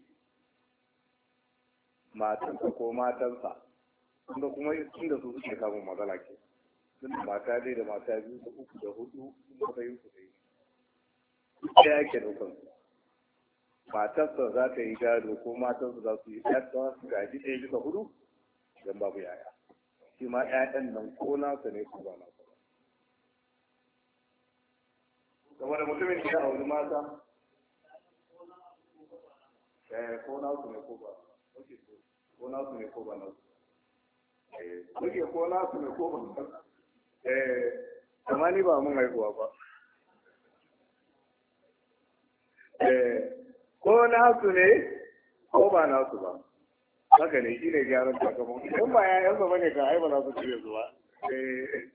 matansa ko matansa inda kuma inda su suke samun matsala ke tunda mata dai da mata biyu da uku da hudu sun matsayin su dai ya ke ɗaukar su matarsa za ta yi gado ko matarsa za su yi gado su gaji ɗaya bisa hudu don babu yaya shi ma ƴaƴan nan ko nasa ne ko ba nasa ba kamar da mutumin ya auri mata eh, ko nasu ne ko ba ko nasu ne ko ba nasu eh, kuke ko nasu ne ko ba nasu eh, amma ni ba mun haihuwa ba ko na su ne ko ba na su ba haka ne shi ne gyaran takamon in ba ya yansa bane ka ai ba su cire zuwa eh,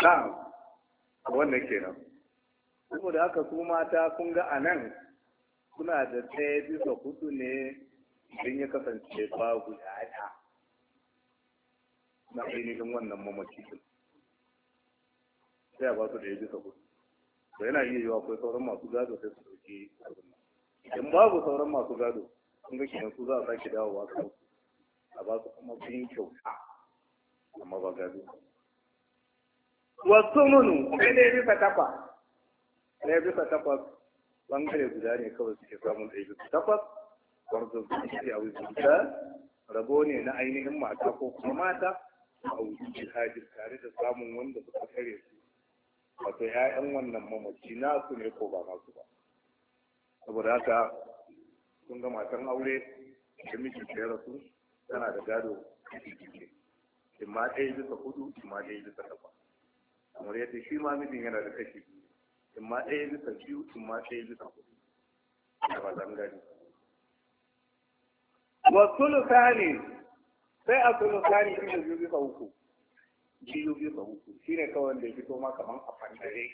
na wannan kenan saboda haka su mata kun ga a nan suna da ɗaya bisa hudu ne don ya kasance babu yaya na ainihin wannan mamaki sai a ba su ɗaya bisa hudu to yana iya yiwa akwai sauran masu gado sai su ɗauki abin idan babu sauran masu gado sun ga kenan su za a sake a kan a ba su kuma kuɗin kyauta amma ba gado wasu nunu sai dai bisa takwas ne bisa takwas bangare guda ne kawai suke samun ɗaya bisa takwas su ke a wuzuta rabo ne na ainihin mata ko kuma mata a wuce jihadi tare da samun wanda suka kare su wato 'ya'yan wannan mamaci na su ne ko ba masu ba saboda haka sun ga matan aure da mijin ya rasu tana da gado cikin in ma ɗaya bisa hudu in ma ɗaya bisa takwas kamar yadda shi ma mijin yana da kashi in ma ɗaya bisa biyu in ma ɗaya bisa hudu da ba zan gani wa sulusani sai a sulusani shi ne biyu bisa uku biyu bisa uku shi ne kawai da ya fito ma kamar a fantare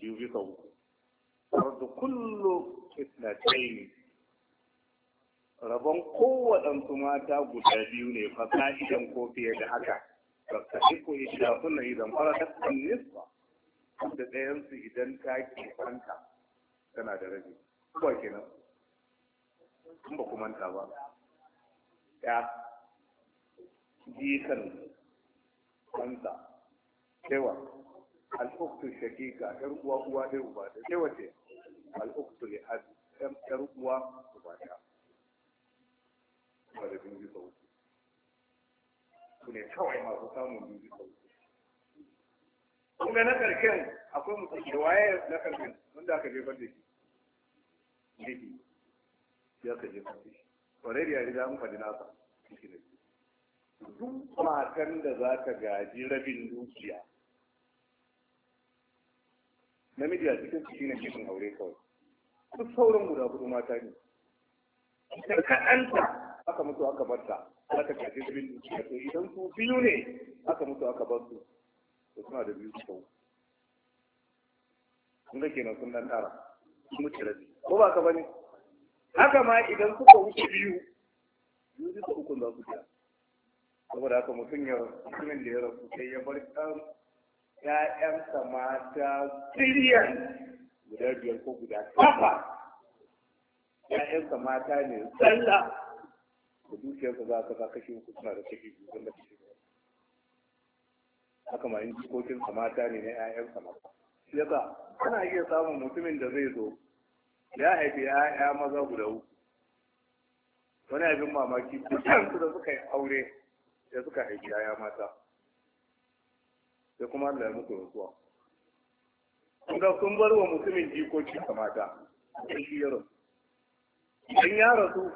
biyu bisa uku fardu kullu isnatayn rabon kowaɗansu mata guda biyu ne fa ka'idan ko fiye da haka tattahiku ihdahunna idan faradat an da ɗayansu idan ta ke fanta tana da rabi kuma kenan in ba ku manta ba ya jikan fanta cewa al-ukhtu shaqiqa uwa uwa dai uba da cewa ce al'uktu li ab yar uwa uba ta ba da biyu sau su ne kawai masu samun biyu sau kun ga na karshen akwai mutum da waye na karshen wanda aka jefar da shi liki ya ka jefar da shi kwarai da riga an faɗi nasa shi ne duk matan da za ka gaji rabin dukiya namiji a cikin su shine cikin aure kawai duk sauran guda hudu mata ne ita kaɗanta aka mutu aka barta aka kaji bin to idan su biyu ne aka mutu aka bar su to suna da biyu sau kun ga kenan sun dan tara sun mutu rabi ko ba ka bane haka ma idan suka wuce biyu biyu duka ukun za su biya saboda haka mutum ya mutumin da ya rasu sai ya bar ƴaƴansa mata biliyan guda biyar ko guda kafa ‘ya'yansa mata ne tsalla da dukiyarsa za ka za kashe uku suna da kashe biyu wanda kashe biyu haka ma in jikokinsa mata ne na ‘ya'yansa mata shi yasa ana iya samun mutumin da zai zo ya haifi ‘ya'ya maza guda uku wani abin mamaki su da suka yi aure da suka haifi ‘ya'ya mata sai kuma Allah ya mutu rasuwa ga sun bar wa mutumin jikoki kamata sai shi idan ya rasu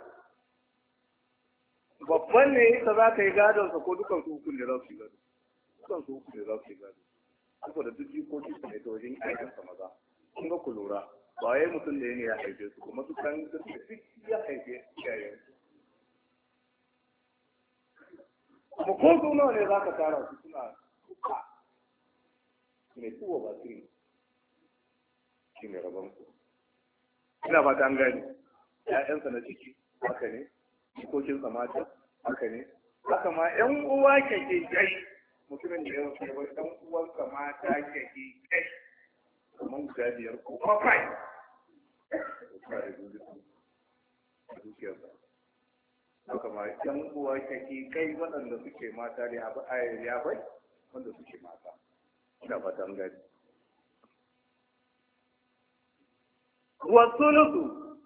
babban ne ita za ka yi gadon sa ko dukan su hukun da za su yi gado dukan su hukun da za su yi gado da duk jikoki su ne ta wajen aikin sa maza kun ga ku lura ba wai mutum da ne ya haife su kuma su kan su ya haife iyayen su kuma ko su nawa ne za ka tara su suna kuka ne tuwa ba su yi shi ne rabon ku ina fata an gani. ƴaƴansa na ciki haka ne jikokinsa mata haka ne haka ma ƴan uwa ke kai mutumin da ya wuce ya bar ɗan uwansa ke kake kai kamar guda biyar ko bakwai haka ma ƴan uwa ke kai waɗanda suke mata da ya bai wanda suke mata ina ta an gani. wa sulusu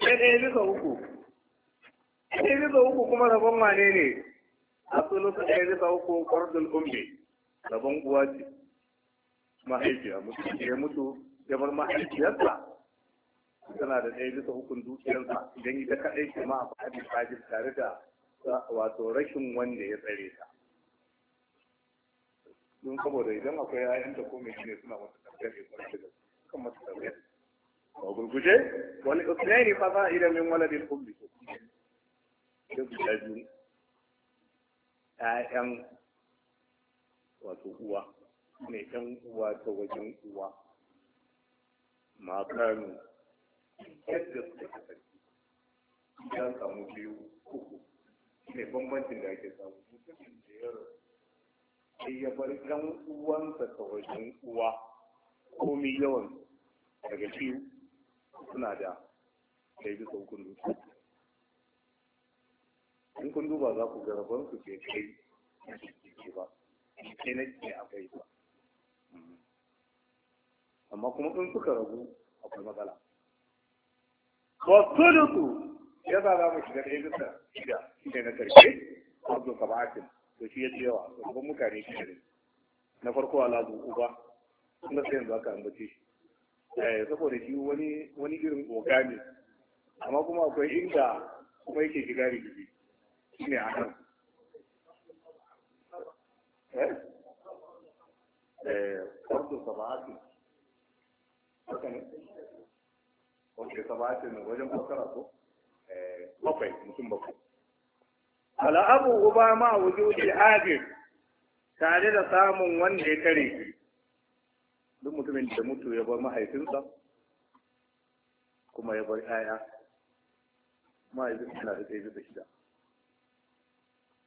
sai ɗaya bisa uku ɗaya bisa uku kuma rabon wane ne a sulusu ɗaya bisa uku kwardul Umbe, rabon uwa ce mahaifiya mutu, ya mutu ya bar mahaifiyarsa tana da ɗaya bisa hukun dukiyarsa idan ita kaɗai ke ma a faɗi fajin tare da wato rashin wanda ya tsare ta don saboda idan akwai 'ya'yanta ko mai ne suna wata ƙarfi ne kuma kan mata ƙarfi a gurguje wani usnaini fa fa'ida min waladil ummi duk da biyu ƴaƴan wato uwa ne ƴan uwa ta wajen uwa makanu yadda suka kasance ya samu biyu uku ne bambancin da ake samu mutumin da ya rasu ya bar ɗan uwansa ta wajen uwa komi yawan daga biyu suna da kai bisa hukun dukiya in kun duba za ku ga rabon su ke kai na ke ba kai na ke a kai ba amma kuma in suka ragu akwai matsala wasu su ya za za mu shiga ɗaya bisa shida shida na karshe abdul kabatin to shi ya ce yawa babban mutane shi ne na farko alazu uba kuma sai yanzu aka ambace shi Eh, saboda shi wani wani irin oga ne amma kuma akwai inda kuma yake shiga rigiji shi ne a nan ƙwarto eh? eh, saba'atin haka ne ƙwarto saba'atin wajen fassara ko bakwai mutum bakwai al'abu uba ma wujudi hadir tare da samun wanda ya kare shi duk mutumin da mutu ya bar mahaifinsa kuma ya bar 'ya'ya mahaifinsa na da ɗaya da shida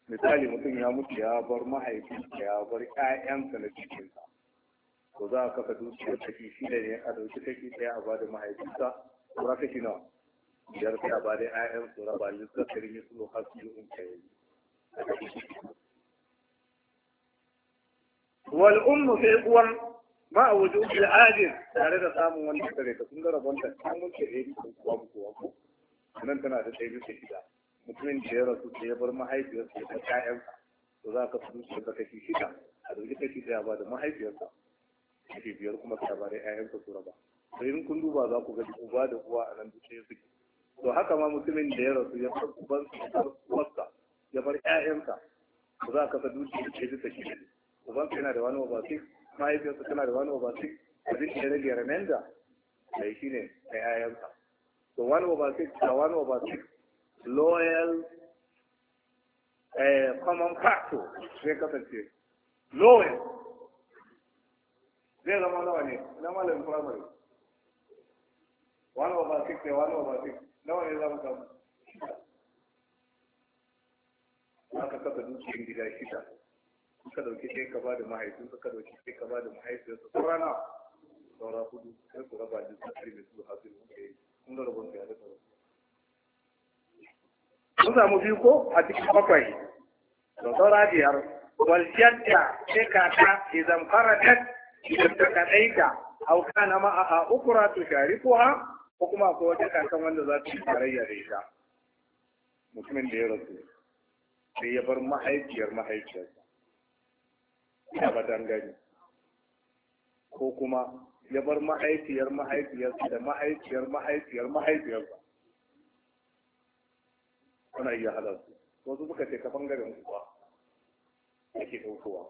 misali mutum ya mutu ya bar mahaifinsa ya bar 'ya'yansa na cikinsa to za a kafa dukiyar kashi shida ne a ɗauki kashi ɗaya a bada mahaifinsa kura kashi nawa biyar sai a bada 'ya'yansu raba lissafin yi su hasu in kayi wal ummu sai uwan ma a wajen al'adin tare da samun wanda kare ka sun gara wanda an wuce ɗaya bisa kuwa ba kuwa ko nan tana da ɗaya bisa shida mutumin da ya rasu da ya bar mahaifiyarsa da ƴaƴansa to za ka fi shi da kashi shida a ɗauki kashi ɗaya ba da mahaifiyarsa kashi biyar kuma ka ba da ƴaƴansa su ba to in kun duba za ku ga uba da uwa a nan duk ɗaya suke to haka ma mutumin da ya rasu ya bar ubansa ya bar uwarsa ya to za ka fi dukiyar ɗaya bisa shida ubansa yana da wani wabasi mahaifiyarsa tana da wani over six abin da rage remenda da eh, shi ne a yayansa so one over six uh, da one over six loyal eh, common factor zai kasance loyal zai zama nawa ne na malamin primary one over six eh, ne one over six nawa ne za mu samu aka kasa dukiyar gida shida suka dauki sai ka bada mahaifin suka dauki sai ka bada mahaifiyar su saura na saura hudu sai ku raba da su mai su hasil kuke yi kun ga rabon ka ya rasa mun samu biyu ko a cikin bakwai da saura biyar wal jadda sai kaka idan faradat idan ta kadaita hauka na ma'a ukura ukra shari ko ha, ko kuma akwai wata kasan wanda za ta yi tarayya da ita mutumin da ya rasu sai ya bar mahaifiyar mahaifiyarsa ina ba dangane ko kuma ya bar mahaifiyar mahaifiyarsa da mahaifiyar mahaifiyar mahaifiyarsa kuna iya halarsu wasu suka ce ta bangaren Ya ake ɗaukowa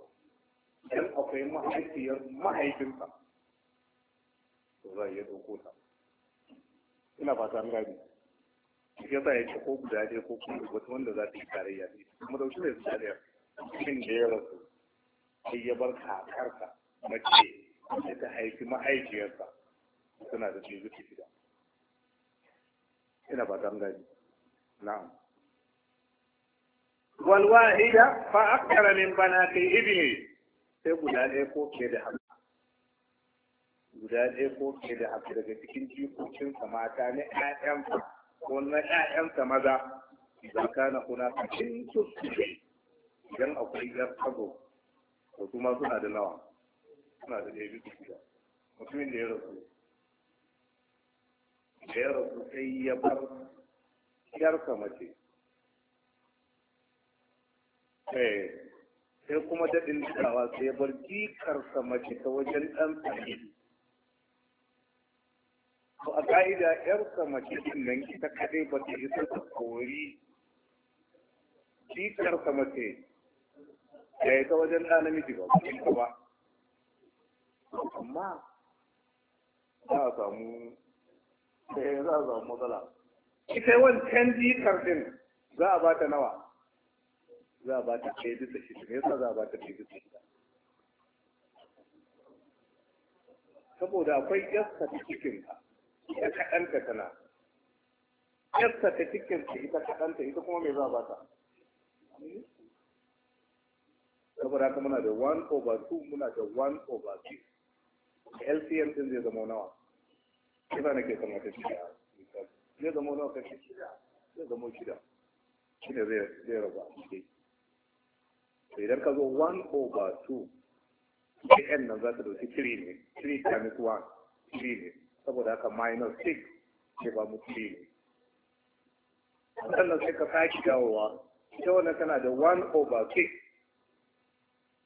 idan akwai mahaifiyar mahaifinsa to za a iya ɗauko ta ina fata an gani ya sa yake ko guda ɗaya ko kuma wata wanda za ta yi tarayya ne kuma da wuce su tarayya cikin da ya rasu sai ya bar kakarsa mace da ta haifi mahaifiyarsa suna da shi zuci gida ina ba dan gani na'am wal wahida fa akara min banati ibni sai guda ɗaya ko ke da haka guda ɗaya ko ke da haka daga cikin jikokinsa mata na ƴaƴansa ko na ƴaƴansa maza idan kana kuna cikin su idan akwai yar tago to su ma suna da nawa suna da ɗaya bisa shida mutumin da ya rasu da ya rasu sai ya bar yarsa mace eh, sai kuma daɗin dawa sai ya bar jikarsa mace ta wajen ɗan tsaye to a ka'ida ƴarsa mace din nan ita kaɗai ba ta isa ta kori jikarsa mace ya eh, yi ta wajen ɗa namiji ba ka ba amma za a samu sai eh, za a samu matsala ita wani canji din za a bata nawa za a bata ɗaya bisa shida ne yasa za a bata ɗaya bisa shida saboda akwai yasta ta cikinka ita kaɗanta tana yasta ta cikinka ita ta ita kuma me za a bata saboda haka muna da 1 over 2 muna da 1 over 6 lcm din zai zama nawa kisa nake kamata ta da zai zama nawa ka kashi shida zai zama shida shi ne zai raba a to idan ka zo 1 over 2 kn nan za ta dauki 3 ne 3 times 1 3 ne saboda haka minus 6 ke ba mu 3 ne sannan sai ka sake dawowa ita wannan tana da 1 over 6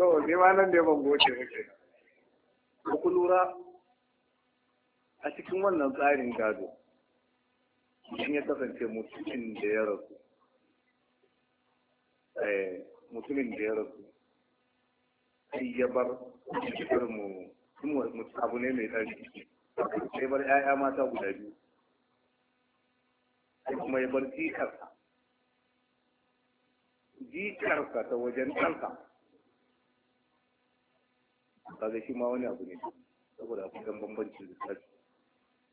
to ne ma nan ne ban goce muke ko ku lura a cikin wannan tsarin gado in ya kasance mutumin da ya rasu eh, mutumin da ya rasu sai ya bar cikin mu abu ne mai tsari sai bar 'ya'ya mata guda biyu sai kuma ya bar jikarsa jikarsa ta wajen ɗansa kaga shi ma wani abu ne saboda akwai kan bambancin lissafi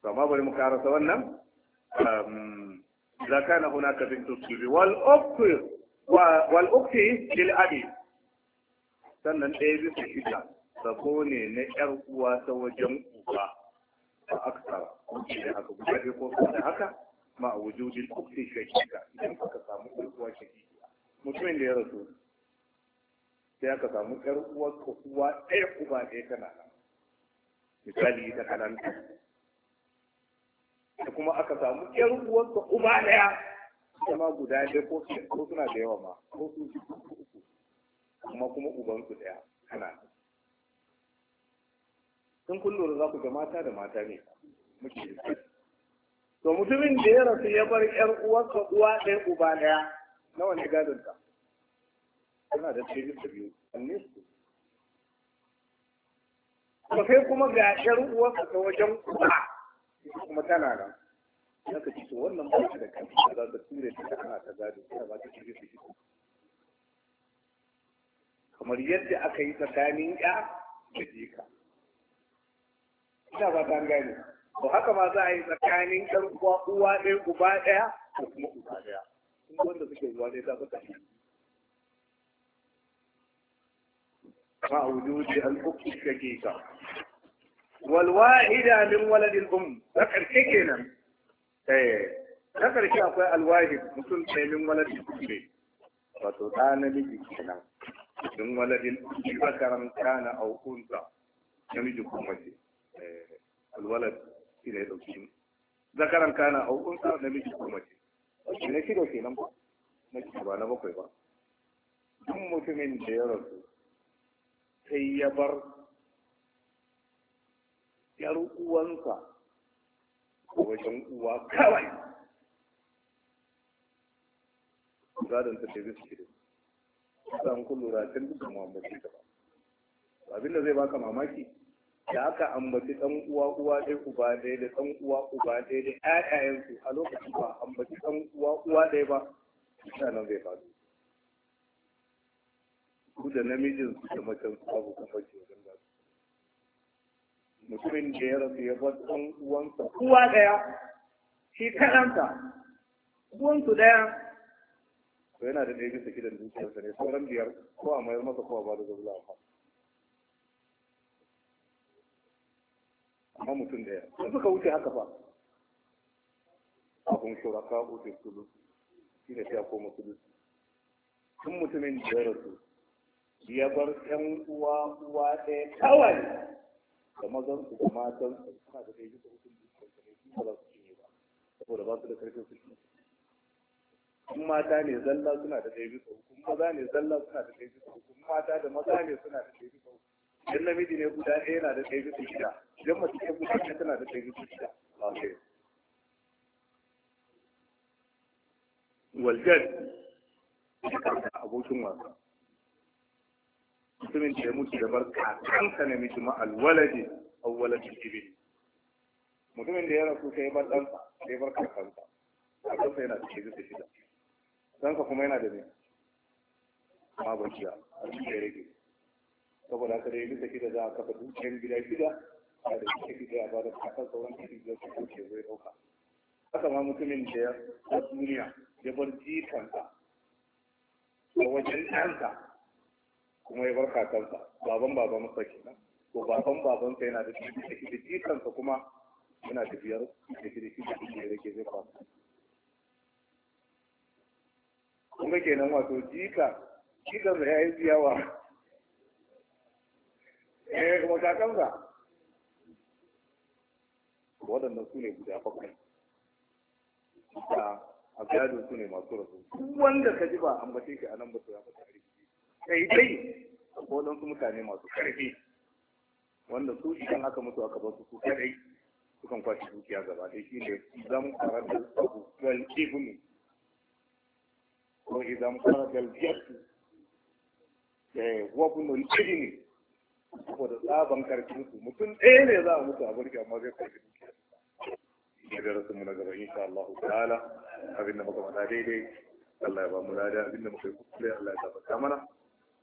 to amma bari mu karasa wannan na كان هناك بنت wal ukti lil abi sannan ɗaya bisa shida sako ne na 'yar uwa ta wajen uba ba aksara da haka guda ko haka ma a wujudin ukti shakika idan aka samu uwa shakika mutumin da ya rasu sai aka samu ƴar uwarka uwa ɗaya uba ɗaya tana nan misali ta kalanta da kuma aka samu ƴar uwarka uba ɗaya kuma guda ɗaya ko ko suna da yawa ma ko su uku kuma kuma uban su ɗaya tana nan sun kullum za ku ga mata da mata ne muke to mutumin da ya rasu ya bar ƴar uwarsa uwa ɗaya uba ɗaya nawa ne gadon ta yana da ɗari da biyu sanne su kuma sai kuma ga ƴar uwarsa ta wajen kuma kuma tana nan na ka ci to wannan ba ta da kanti ta za ta ture ta ana ta gado ta ba ta cire su kamar yadda aka yi tsakanin ƴa da jika ina ba ta gane to haka ma za a yi tsakanin 'yar uwa uwa ɗaya uba ɗaya da kuma uba ɗaya wanda suke zuwa ne su tafi. مع وجود الأخ الشقيقة والواحدة من ولد الأم ذكر كيكينا إيه ذكر شيء أقوى الواحد مثل من ولد الأم فتطان لجيكينا من ولد الأم ذكرا كان أو أنثى نمجكم وجه الولد إلى الأم ذكرا كان أو أنثى نمجكم وجه na shida kenan ba na ba na bakwai ba duk mutumin da ya rasu sai ya bar ‘yar uwansa a wajen uwa kawai gadon ta ce bisu kiri san kun lura can dukkan mamaki ta ba abin da zai baka mamaki da aka ambaci ɗan uwa uwa ɗaya uba ɗaya da ɗan uwa uba ɗaya da ƴaƴayensu a lokacin ba ambaci ɗan uwa uwa ɗaya ba nan zai faɗi Ku da namijin su da macen su abu kuma ce wajen da su mutumin da ya rasu ya bar ɗan uwansa uwa ɗaya shi karanta uwansu ɗaya to yana da ɗaya bisa gidan dukiyarsa ne sauran biyar ko a mayar masa ko a bada zaula a amma mutum ɗaya da suka wuce haka fa abun shuraka utul sulu shi ne sai a koma sulu tun mutumin da ya rasu ya bar ƴan uwa uwa ɗaya kawai da mazan su da matan su suna da ɗaya bisa hukun da ba su cinye ba saboda ba su da karfin su cinye in mata ne zalla suna da ɗaya bisa hukun maza ne zalla suna da ɗaya bisa hukun mata da maza ne suna da ɗaya bisa hukun idan namiji ne guda ɗaya yana da ɗaya bisa shida idan mace ce guda ɗaya tana da ɗaya bisa shida ba sai waljan abokin wasa mutumin da ya mutu da barka kakansa na miji ma alwalade awwalade ibn mutumin da ya rasu sai bar ɗansa sai bar kakansa kakansa yana da shekaru shida ɗansa kuma yana da ne ma shi a cikin da rage saboda haka da ya bisa shida za a kafa dukiyar gida shida a da shi shida a ba da kakan sauran cikin da su kuke zai ɗauka haka ma mutumin da ya duniya ya bar jikanta a wajen ɗansa kuma ya bar kakansa baban baban sa kenan ko baban baban sa yana da shi da jikansa kuma yana da biyar da shi da shi da shi da yake zai kwasa kun ga kenan wato jika jika ya yi biyawa eh kuma kansa waɗannan su ne guda bakwai da a gado su ne masu rasu wanda ka ji ba ambace shi a nan ba su ya fi Daidai, dai akwai mutane masu ƙarfi wanda su idan aka mutu aka bar su su kadai sukan kwashe dukiya gaba ɗaya shi ne zan karar sabu wal ibnu ko idan karar da jatu eh wa ibnu ibni saboda tsaban karfin su mutum ɗaya ne za a mutu a burge amma zai kwashe dukiya ne da rasu na gaba insha Allah ta'ala abinda muka faɗa daidai Allah ya ba mu lada abinda muka yi kuskure Allah ya tabbata mana